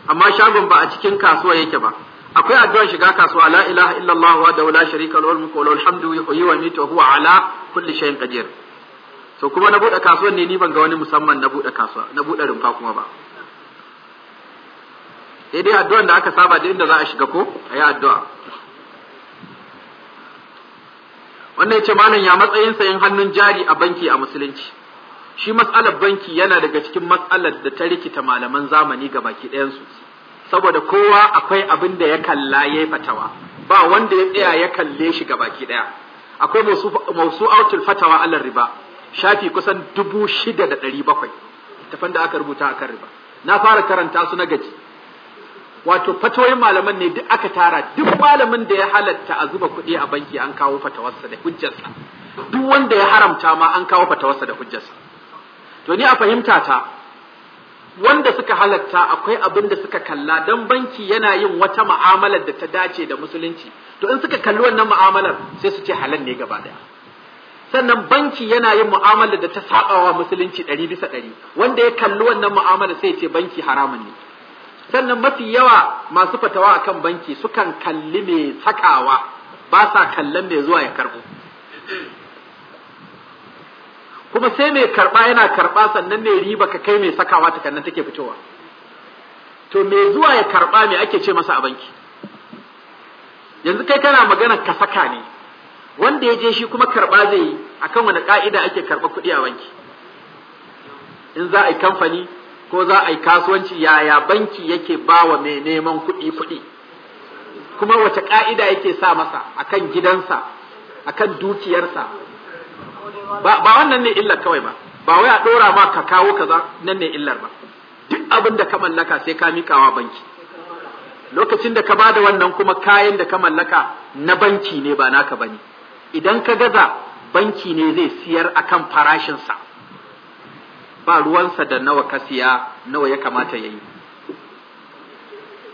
amma shagon ba a cikin kasuwa yake ba akwai addu'ar shiga kasuwa la ilaha illallah wa da la sharika lahu mulku wa alhamdu yuhyi wa yumiitu wa huwa ala kulli shay'in qadir so kuma na bude kasuwar ne ni ban ga wani musamman na bude kasuwa na bude rumfa kuma ba sai dai addu'ar da aka saba da inda za a shiga ko ayi addu'a wannan yace malam ya matsayin sayin hannun jari a banki a musulunci shi matsalar banki yana daga cikin matsalar da ta rikita malaman zamani ga baki ɗayan su saboda kowa akwai abin da ya kalla yayi fatawa ba wanda ya tsaya ya kalle shi gabaki daya akwai autul fatawa alar riba shafi kusan 6700 tafan da aka rubuta akan riba na fara karanta su na gaji wato fatawoyin malaman ne duk aka tara duk malamin da ya halatta a zuba kuɗi a banki an kawo fatawarsa da hujjarsa duk wanda ya haramta ma an kawo fatawarsa da hujjarsa to ni a fahimta ta wanda suka halatta akwai abin da suka kalla dan banki yana yin wata mu'amalar da ta dace da musulunci to in suka kalli wannan mu'amalar sai su ce halal ne gaba daya sannan banki yana yin mu'amalar da ta sabawa musulunci ɗari bisa ɗari wanda ya kalli wannan mu'amalar sai ya ce banki haramun ne sannan mafi yawa masu fatawa akan banki sukan kalli mai sakawa ba sa kallon mai zuwa ya karbo kuma sai mai karɓa yana karɓa sannan mai riba ka kai mai sakawa kannan take fitowa to mai zuwa ya karɓa mai ake ce masa a banki yanzu kai kana magana ka saka ne wanda ya je shi kuma karɓa zai yi akan wani ka'ida ake karɓa kuɗi a banki in za a yi kamfani ko za a yi kasuwanci yaya banki yake ba wa mai neman kuɗi kuɗi kuma wace ka'ida yake sa masa akan gidansa akan dukiyarsa ba wannan ne illar kawai ba ba wai a dora ma ka kawo kaza nan ne illar ba duk abin da ka mallaka sai ka mikawa banki lokacin da ka bada wannan kuma kayan da ka mallaka na banki ne ba naka bane idan ka gaza banki ne zai siyar akan farashinsa ba ruwansa da nawa ka siya nawa ya kamata ya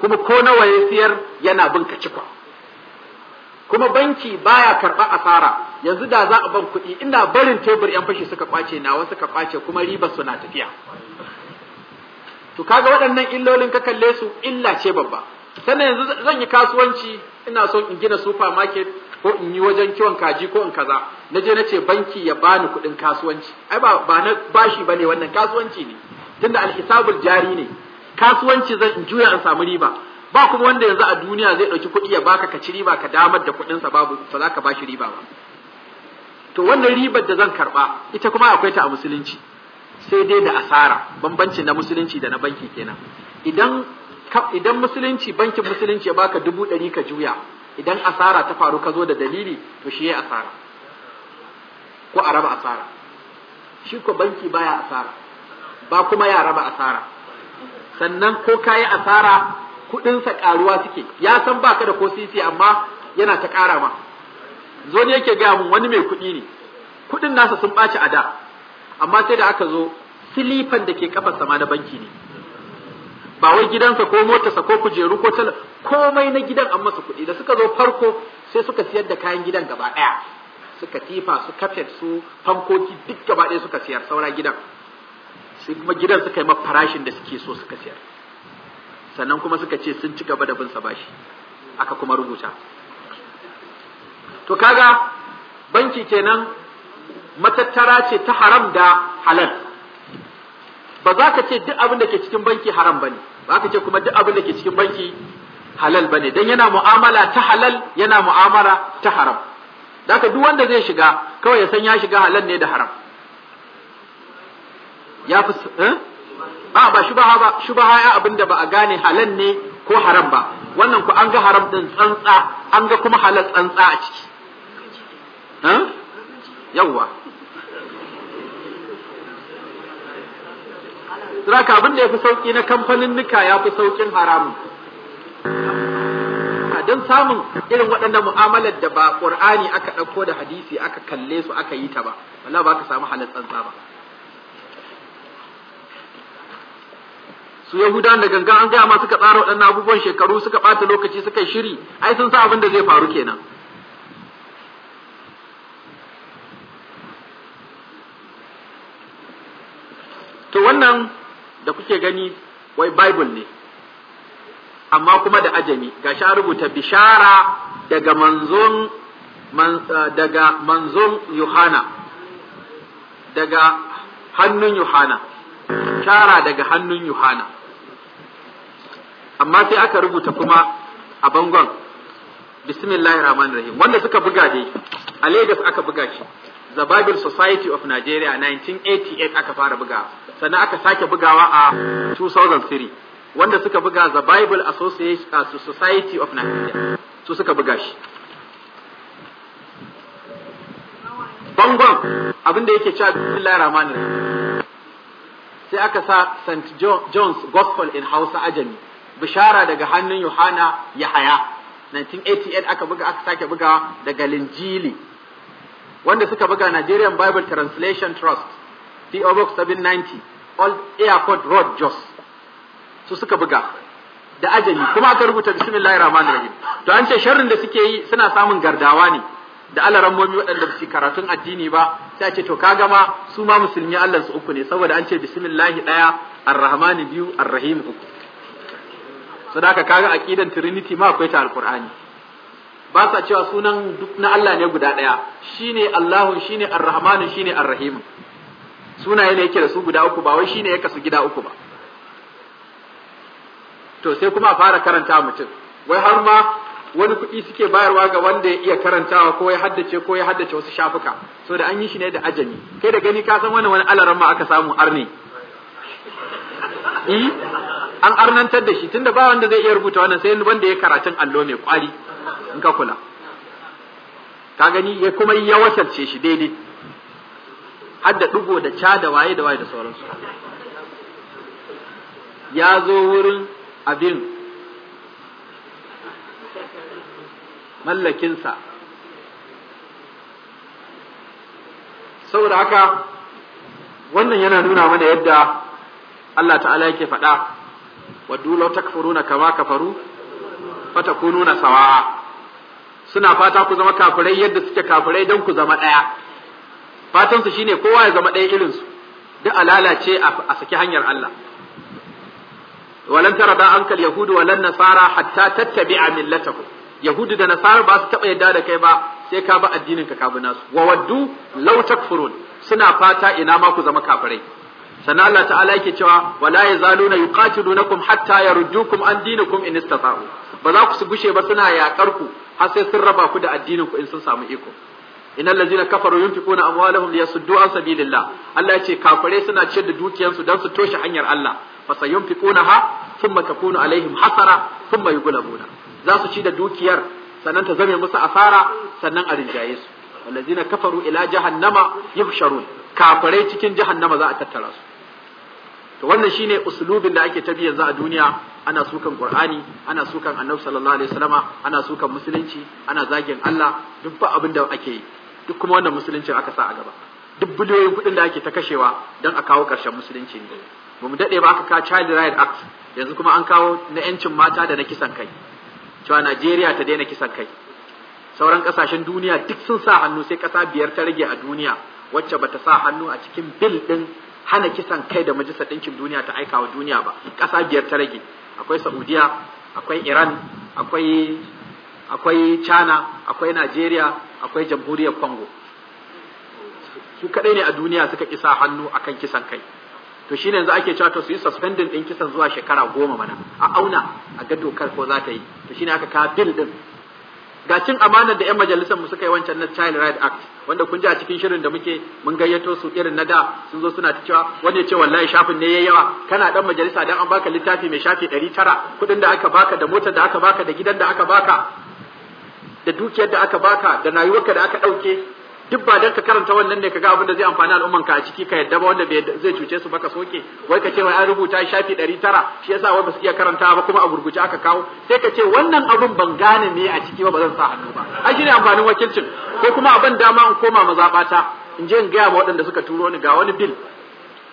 kuma ko nawa ya siyar yana bin ka cikwa kuma banki baya karɓa asara yanzu da za a ban kuɗi ina barin tebur yan fashi suka kwace nawa ka kwace kuma riba suna tafiya to kaga waɗannan illolin ka kalle su illa ce babba sannan yanzu zan yi kasuwanci ina so in gina supermarket ko in yi wajen kiwon kaji ko in kaza na je na ce banki ya bani kuɗin kasuwanci ai ba ba na bashi bane wannan kasuwanci ne tunda alhisabul jari ne kasuwanci zan in juya in samu riba ba kuma wanda yanzu a duniya zai ɗauki kuɗi ya baka ka ci riba ka damar da kuɗinsa babu ba za ka bashi riba ba to wannan ribar da zan karba ita kuma akwai ta a musulunci sai dai da asara bambanci na musulunci da na banki kenan idan idan musulunci bankin musulunci ya baka dubu ɗari ka juya idan asara ta faru ka zo da dalili to shi ya asara ko a raba asara shi ko banki baya asara ba kuma ya raba asara sannan ko kayi asara kuɗinsa ƙaruwa suke ya san baka da ko sisi amma yana ta ƙara ma zo ne yake gaya mun wani mai kuɗi ne kuɗin nasa sun ɓaci a da amma sai da aka zo silifan da ke kafar sama na banki ne ba wai gidansa ko motarsa ko kujeru ko tala komai na gidan an masa kuɗi da suka zo farko sai suka siyar da kayan gidan gaba ɗaya su katifa su kafet su fankoki duk gaba ɗaya suka siyar saura gidan sai kuma gidan suka yi farashin da suke so suka siyar sannan kuma suka ce sun ci gaba da bin sa bashi aka kuma rubuta to kaga banki kenan matattara ce ta haram da halal ba za ka ce duk abin da ke cikin banki haram bane ba ka ce kuma duk abin da ke cikin banki halal bane dan yana mu'amala ta halal yana mu'amala ta haram daka duk wanda zai shiga kawai ya san ya shiga halal ne da haram ya fi eh? ba ba shubaha ba shubaha ya abinda ba a gane halal ne ko haram ba wannan ku an ga haram din tsantsa an ga kuma halal tsantsa a ciki yawwa Saka abin da ya fi sauƙi na kamfanin nika ya fi sauƙin haramun. Don samun irin waɗannan mu'amalar da ba ƙur'ani aka ɗauko da hadisi aka kalle su aka yi ta ba, wala ba ka samu halin tsantsa ba. Su Yahudan da gangan an gaya ma suka tsara waɗannan abubuwan shekaru suka ɓata lokaci suka shiri, ai sun sa abin da zai faru kenan. kuke gani wai Bible ne, amma kuma da ajami, ga sha rubuta bishara daga manzon uh, daga manzon Yohana, daga hannun Yohana, shara daga hannun Yohana. Amma sai aka rubuta kuma a bangon, Bismillahir Rahmanir Rahim, wanda suka buga dai, a Lagos aka buga shi, The Bible Society of Nigeria 1988 aka fara buga. sannan aka sake bugawa a 2003 wanda suka buga the Bible Association uh, Society of Nigeria su suka buga shi bangon abin da yake cewa bismillahir rahmanir sai aka sa St John's Gospel in Hausa Ajami bishara daga hannun Yohana Yahaya 1988 aka buga aka sake buga daga Linjili wanda suka buga Nigerian Bible Translation Trust PO Box 790 old airport road jos su suka buga da ajali kuma aka rubuta bismillahir rahmanir rahim to an ce sharrin da suke yi suna samun gardawa ne da alaran momi waɗanda su karatun addini ba sai a ce to kaga ma su ma musulmi Allah su uku ne saboda an ce bismillahi ɗaya arrahmani biyu arrahim uku haka-haka, kaga aqidan trinity ma akwai ta alqur'ani ba sa cewa sunan duk na Allah ne guda ɗaya shine Allahun shine arrahmanu shine arrahim sunaye ne yake da su guda uku ba wai shine ya kasu gida uku ba to sai kuma a fara karanta mutum wai har ma wani kuɗi suke bayarwa ga wanda ya iya karantawa ko ya haddace ko ya haddace wasu shafuka so da an yi shi ne da ajami kai da gani ka san wani wani alaran ma aka samu arni eh an arnantar da shi tunda ba wanda zai iya rubuta wannan sai wanda ya karatun allo mai kwari in ka kula ka gani ya kuma ya wasalce shi daidai har da ɗigo da ca da waye da waye da sauransu ya zo wurin abin mallakinsa saboda haka wannan yana nuna mana yadda Allah ta'ala yake faɗa wa law takfuruna kama kafaru fatakununa sawa. suna fata ku zama kafirai yadda suke kafirai don ku zama ɗaya Fatansu shi shine kowa ya zama ɗaya irin su duk lalace a saki hanyar Allah walan an ankal yahudu walan nasara hatta a millatakum yahudu da nasara ba su taɓa yadda da kai ba sai ka ba addinin ka kabu nasu wa waddu law takfurun suna fata ina ma ku zama kafirai sannan Allah ta'ala yake cewa wala yazaluna yuqatilunakum hatta yaruddukum an dinikum in istata'u ba za ku su gushe ba suna yakar ku har sai sun raba ku da addinin ku in sun samu iko Ina ladzina kafaru yunfiquna amwalahum liyasuddu an sabilillah Allah ce kafarai suna ciyar da dukiyansu dan su toshe hanyar Allah fa sayunfiqunaha thumma takunu alaihim hasara thumma yughlabuna za su ci da dukiyar sannan ta zame musu asara sannan a rinjaye su wallazina kafaru ila jahannama yuhsharun Kafarai cikin jahannama za a tattara su to wannan shine uslubin da ake ta yanzu a duniya ana sukan qur'ani ana sukan annabi sallallahu alaihi ana sukan musulunci ana zagin Allah duk ba abin da ake yi duk kuma wannan musuluncin aka sa a gaba duk biliyoyin kuɗin da ake ta kashewa don a kawo ƙarshen musulunci ne ba mu daɗe ba aka ka child right act yanzu kuma an kawo na yancin mata da na kisan kai cewa Najeriya ta daina kisan kai sauran ƙasashen duniya duk sun sa hannu sai ƙasa biyar ta rage a duniya wacce bata sa hannu a cikin bil ɗin hana kisan kai da majalisar ɗinkin duniya ta aika wa duniya ba ƙasa biyar ta rage akwai Saudiya akwai Iran akwai akwai China akwai Najeriya akwai jamhuriyar Congo su kadai ne a duniya suka kisa hannu akan kisan kai to shine yanzu ake cewa to su yi suspending din kisan zuwa shekara goma mana a auna a ga dokar ko za ta yi to shine aka kawo bill din ga cin amanar da 'yan majalisar mu suka yi wancan na Child Right Act wanda kun ji a cikin shirin da muke mun gayyato su irin na da sun zo suna cewa wanda ya ce wallahi shafin ne yayi yawa kana dan majalisa dan an baka littafi mai shafi 900 kudin da aka baka da motar da aka baka da gidan da aka baka da dukiyar da aka baka da rayuwarka da aka ɗauke duk ba dan ka karanta wannan ne kaga abin da zai amfani al'umman ka a ciki ka yadda ba wanda zai cuce su baka soke wai ka ce wai an rubuta shafi 900 shi yasa wai ba su iya karanta ba kuma a gurguje aka kawo sai ka ce wannan abun ban gane ne a ciki ba ba zan sa hannu ba ai ne amfanin wakilcin ko kuma abin dama in koma mazabata in je in gaya ma waɗanda suka turo ni ga wani bil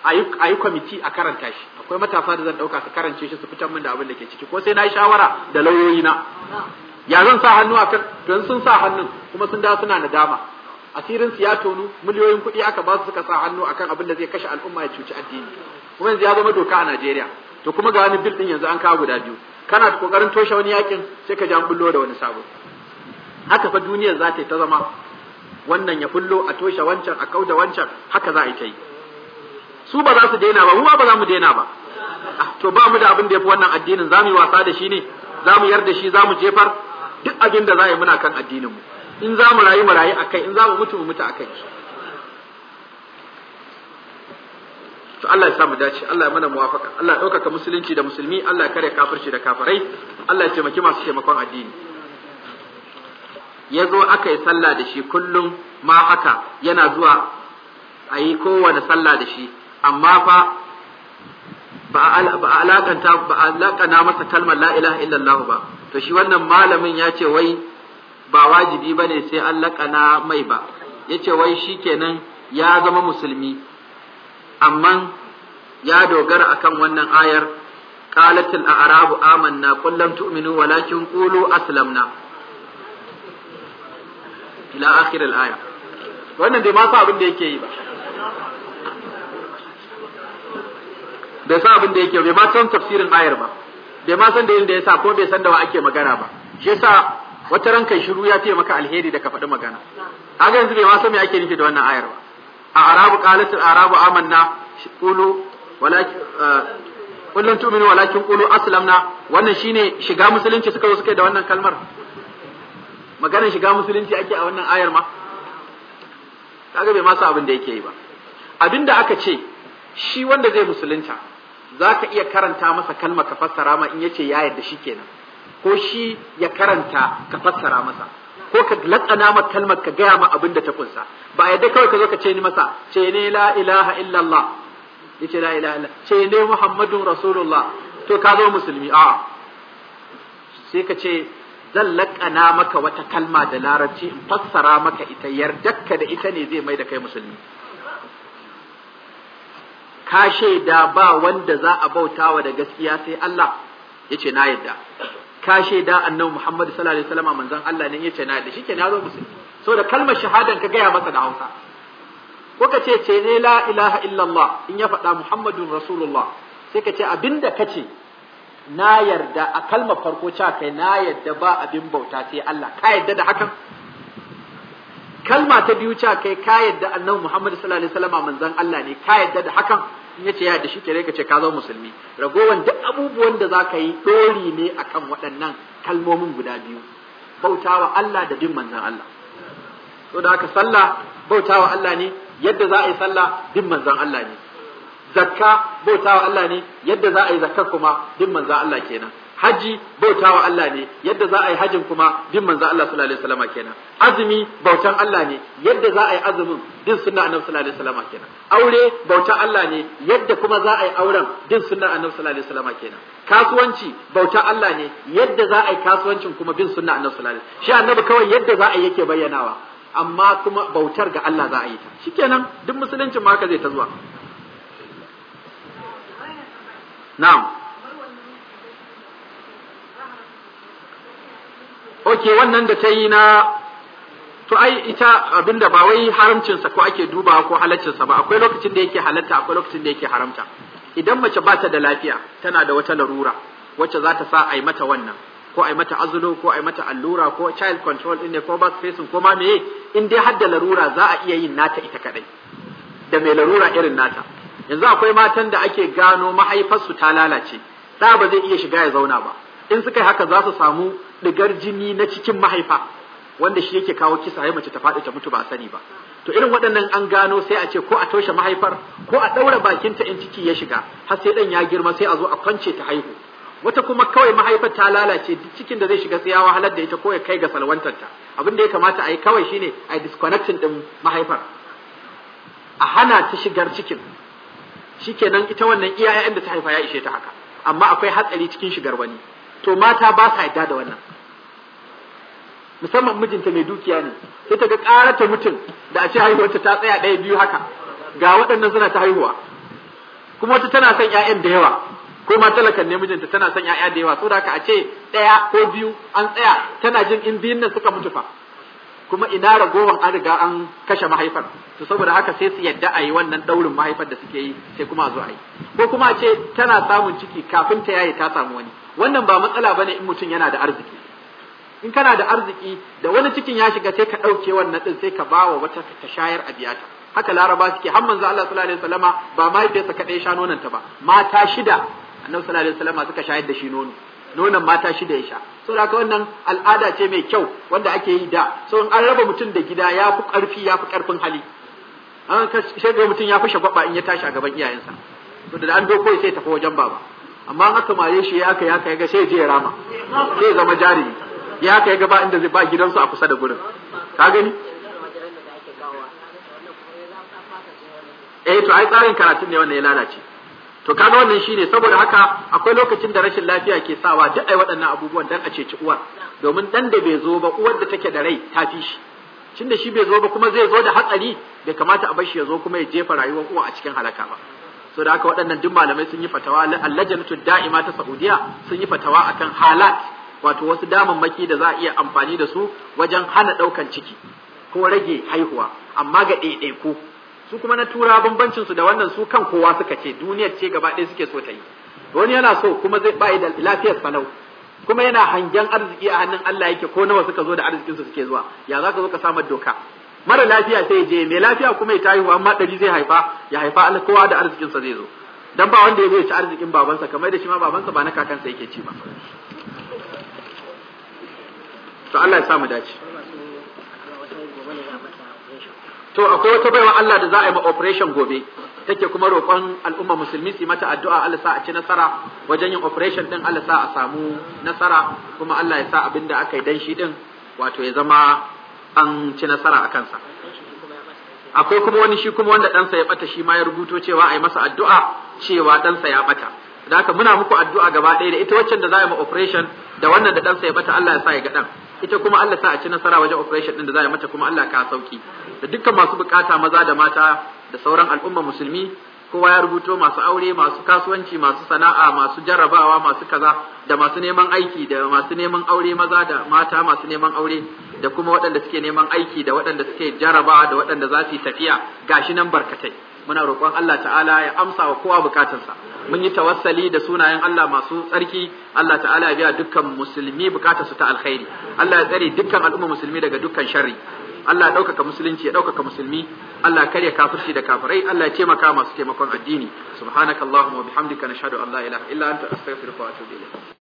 a yi kwamiti a karanta shi akwai matasa da zan ɗauka su karance shi su fitar min da abin da ke ciki ko sai na yi shawara da lauyoyina ya zan sa hannu a kan don sun sa hannun kuma sun da suna nadama asirin su ya tonu miliyoyin kuɗi aka ba su suka sa hannu akan abin da zai kashe al'umma ya cuci addini kuma yanzu ya zama doka a Najeriya to kuma ga wani bil din yanzu an kawo guda biyu kana da kokarin toshe wani yakin sai ka ji an bullo da wani sabo haka fa duniyar za ta yi ta zama wannan ya bullo a toshe wancan a kauda wancan haka za a yi ta yi su ba za su daina ba mu ba za mu daina ba ah, to ba mu da abin da ya fi wannan addinin za mu yi wasa da shi ne za mu yar da shi za jefar duk abin da za yi muna kan addinin mu in za mu rayu mu rayu akai in za mu mutu mu mutu akai to Allah ya samu dace Allah ya mana muwafaka Allah ya ɗaukaka musulunci da musulmi Allah ya kare kafirci da kafirai Allah ya taimaki masu taimakon addini ya zo aka yi sallah da shi kullum ma haka yana zuwa a yi kowane sallah da shi amma fa ba a alakanta ba a alakana masa kalmar la ilaha illallah ba to shi wannan malamin ya ce wai ba wajibi ba ne sai an laƙana mai ba ya ce wai shi kenan ya zama musulmi amma ya dogara akan wannan ayar qalatil a'rabu amanna qul lam tu'minu walakin qulu aslamna ila akhir al-aya wannan dai ma sa abin da yake yi ba bai sa abin da yake bai ma san tafsirin ayar ba bai ma san da yin da ya sa ko bai san da wa ake magana ba shi yasa wata ran kai shiru ya fiye maka alheri da ka faɗi magana kaga yanzu bai ma san me ake nufi da wannan ayar ba a arabu qalatul arabu amanna qulu walakin kullun tu'minu walakin qulu aslamna wannan shine shiga musulunci suka zo suka da wannan kalmar maganar shiga musulunci ake a wannan ayar ma kaga bai ma san abin da yake yi ba abinda aka ce shi wanda zai musulunta za ka iya karanta masa kalma ka fassara ma in ya ce ya yarda shi kenan ko shi ya karanta ka fassara masa ko ka latsana ma kalmar ka gaya ma abin da ta kunsa ba yadda kawai ka zo ka ce ni masa ce ne la ilaha illallah ce la ilaha illallah ce ne muhammadun rasulullah to ka zo musulmi a sai ka ce zan laƙana maka wata kalma da larabci in fassara maka ita yarda da ita ne zai mai da kai musulmi ka shaida ba wanda za a bauta wa da gaskiya sai Allah yace na yadda ka shaida annabi Muhammad sallallahu alaihi wasallam manzon Allah ne yace na yadda shikenan yazo musu so da kalmar shahadan ka gaya masa da Hausa ko ka ce ce ne la ilaha illallah in ya faɗa Muhammadun rasulullah sai ka ce abinda ka ce na yarda a kalmar farko cewa kai na yarda ba abin bauta sai Allah ka yarda da hakan kalma ta biyu cewa kai ka yarda annabi Muhammad sallallahu alaihi wasallam manzon Allah ne ka yarda da hakan in yace ya da shi kare ka ce ka zama musulmi ragowan duk abubuwan da zaka yi dori ne akan waɗannan kalmomin guda biyu bautawa Allah da bin manzan Allah to da haka sallah bautawa Allah ne yadda za a yi sallah bin manzan Allah ne zakka bautawa Allah ne yadda za a yi zakka kuma bin manzan Allah kenan haji bautawa Allah ne yadda za a yi hajin kuma bin manzo Allah sallallahu alaihi wasallam kenan azumi bautan Allah ne yadda za a yi azumin din sunna annabi sallallahu alaihi wasallam kenan aure bautan Allah ne yadda kuma za a yi auren din sunna annabi sallallahu alaihi wasallam kenan kasuwanci bautan Allah ne yadda za a yi kasuwancin kuma bin sunna annabi sallallahu alaihi wasallam shi annabi kawai yadda za a yi yake bayyanawa amma kuma bautar ga Allah za a yi ta shikenan duk musuluncin ma haka zai ta zuwa na'am oke wannan da ta yi na to ai ita abinda ba wai haramcinsa ko ake duba ko halaccinsa ba akwai lokacin da yake halatta akwai lokacin da yake haramta idan mace ba ta da lafiya tana da wata larura wacce za ta sa a yi mata wannan ko a yi mata azulo ko a yi mata allura ko child control ɗin ne ko birth spacing ko ma meye in dai har da larura za a iya yin nata ita kadai da mai larura irin nata yanzu akwai matan da ake gano mahaifarsu ta lalace ɗa ba zai iya shiga ya zauna ba in suka yi haka za su samu digar jini na cikin mahaifa wanda shi yake kawo kisa ya mace ta faɗi ta mutu ba sani ba to irin waɗannan an gano sai a ce ko a toshe mahaifar ko a ɗaura ta in ciki ya shiga har sai ɗan ya girma sai a zo a kwance ta haihu wata kuma kawai mahaifar ta lalace duk cikin da zai shiga sai ya wahalar da ita ko ya kai ga ta abin da ya kamata a yi kawai shine a disconnecting din mahaifar a hana ta shigar cikin shikenan ita wannan iyayen da ta haifa ya ishe ta haka amma akwai hatsari cikin shigar wani to mata ba sa yadda da wannan musamman mijinta mai dukiya ne sai ta ga karata ta mutum da a ce haihuwarta ta tsaya ɗaya biyu haka ga waɗannan suna ta haihuwa kuma wata tana son ƴaƴan da yawa ko ma talakan ne mijinta tana son ƴaƴa da yawa saboda haka a ce ɗaya ko biyu an tsaya tana jin in biyun nan suka mutu fa kuma ina ragowar an riga an kashe mahaifar to saboda haka sai su yadda a yi wannan ɗaurin mahaifar da suke yi sai kuma zo a yi ko kuma a ce tana samun ciki kafin ta yaye ta samu wani wannan ba matsala ba ne in mutum yana da arziki in kana da arziki da wani cikin ya shiga sai ka ɗauke wannan ɗin sai ka bawa wata ta shayar a biyata haka laraba suke har manzo Allah sallallahu alaihi wasallama ba mahaifiyarsa kaɗai sha nonon ta ba mata shida annabi sallallahu alaihi wasallama suka shayar da shi nono nonon mata shida ya sha so da wannan al'ada ce mai kyau wanda ake yi da so in an raba mutum da gida ya fi ƙarfi ya fi ƙarfin hali an ka shaga mutum ya fi shagwaba in ya tashi a gaban iyayensa to da an doko sai tafi wajen baba amma aka mare shi ya aka ya kai ga sai je ya rama sai zama jarumi ya kai gaba inda zai ba gidansu a kusa da gurin ka gani eh to ai tsarin karatun ne wannan ya lalace to kaga wannan shine saboda haka akwai lokacin da rashin lafiya ke sawa duk ai waɗannan abubuwan dan a ce ci uwa domin dan da bai zo ba uwar da take da rai ta fi shi cin da shi bai zo ba kuma zai zo da hatsari bai kamata a bar shi ya zo kuma ya jefa rayuwar uwa a cikin halaka ba so da haka waɗannan duk malamai sun yi fatawa allajnatu da'ima ta Saudiya sun yi fatawa akan halat wato wasu maki da za a iya amfani da su wajen hana ɗaukan ciki ko rage haihuwa amma ga ɗaiɗaiku su kuma na tura bambancin su da wannan su kan kowa suka ce duniyar ce gaba ɗaya suke so ta yi wani yana so kuma zai bai da lafiyar falau kuma yana hangen arziki a hannun Allah yake ko nawa suka zo da arzikin su suke zuwa ya za ka zo ka samar doka mara lafiya sai ya je mai lafiya kuma ya tayi amma ɗari zai haifa ya haifa Allah kowa da arzikin sa zai zo dan ba wanda ya zo ya ci arzikin babansa kamar da shi ma babansa ba na kakansa yake ci ba to Allah ya sa dace to akwai wata baiwa Allah da za a yi ma operation gobe take kuma roƙon al'umma musulmi su mata addu'a Allah sa a ci nasara wajen yin operation din Allah sa a samu nasara kuma Allah ya sa abin da aka yi dan shi din wato ya zama an ci nasara a kansa akwai kuma wani shi kuma wanda ɗansa ya bata shi ma ya rubuto cewa a yi masa addu'a cewa ɗansa ya ɓata. da haka muna muku addu'a gaba ɗaya da ita waccan da za a yi ma operation da wannan da ɗansa ya bata Allah ya sa ya ga ɗan ita kuma Allah sa a ci nasara wajen operation ɗin da za a yi mata kuma Allah ka sauki da dukkan masu bukata maza da mata da sauran al'umma musulmi kowa ya rubuto masu aure masu kasuwanci masu sana'a masu jarrabawa masu kaza da masu neman aiki da masu neman aure maza da mata masu neman aure da kuma waɗanda suke neman aiki da waɗanda suke jarrabawa da waɗanda za su yi tafiya gashi nan barkatai muna roƙon Allah ta'ala ya amsa wa kowa bukatarsa mun yi tawassali da sunayen Allah masu tsarki Allah ta'ala ya biya dukkan musulmi bukatar su ta alkhairi Allah ya tsare dukkan al'umma musulmi daga dukkan sharri Allah ya daukaka musulunci ya ɗaukaka musulmi Allah karya kafirci da kafirai Allah ya taimaka masu taimakon addini subhanakallahumma wa bihamdika nashhadu an la ilaha illa anta astaghfiruka wa atubu ilayk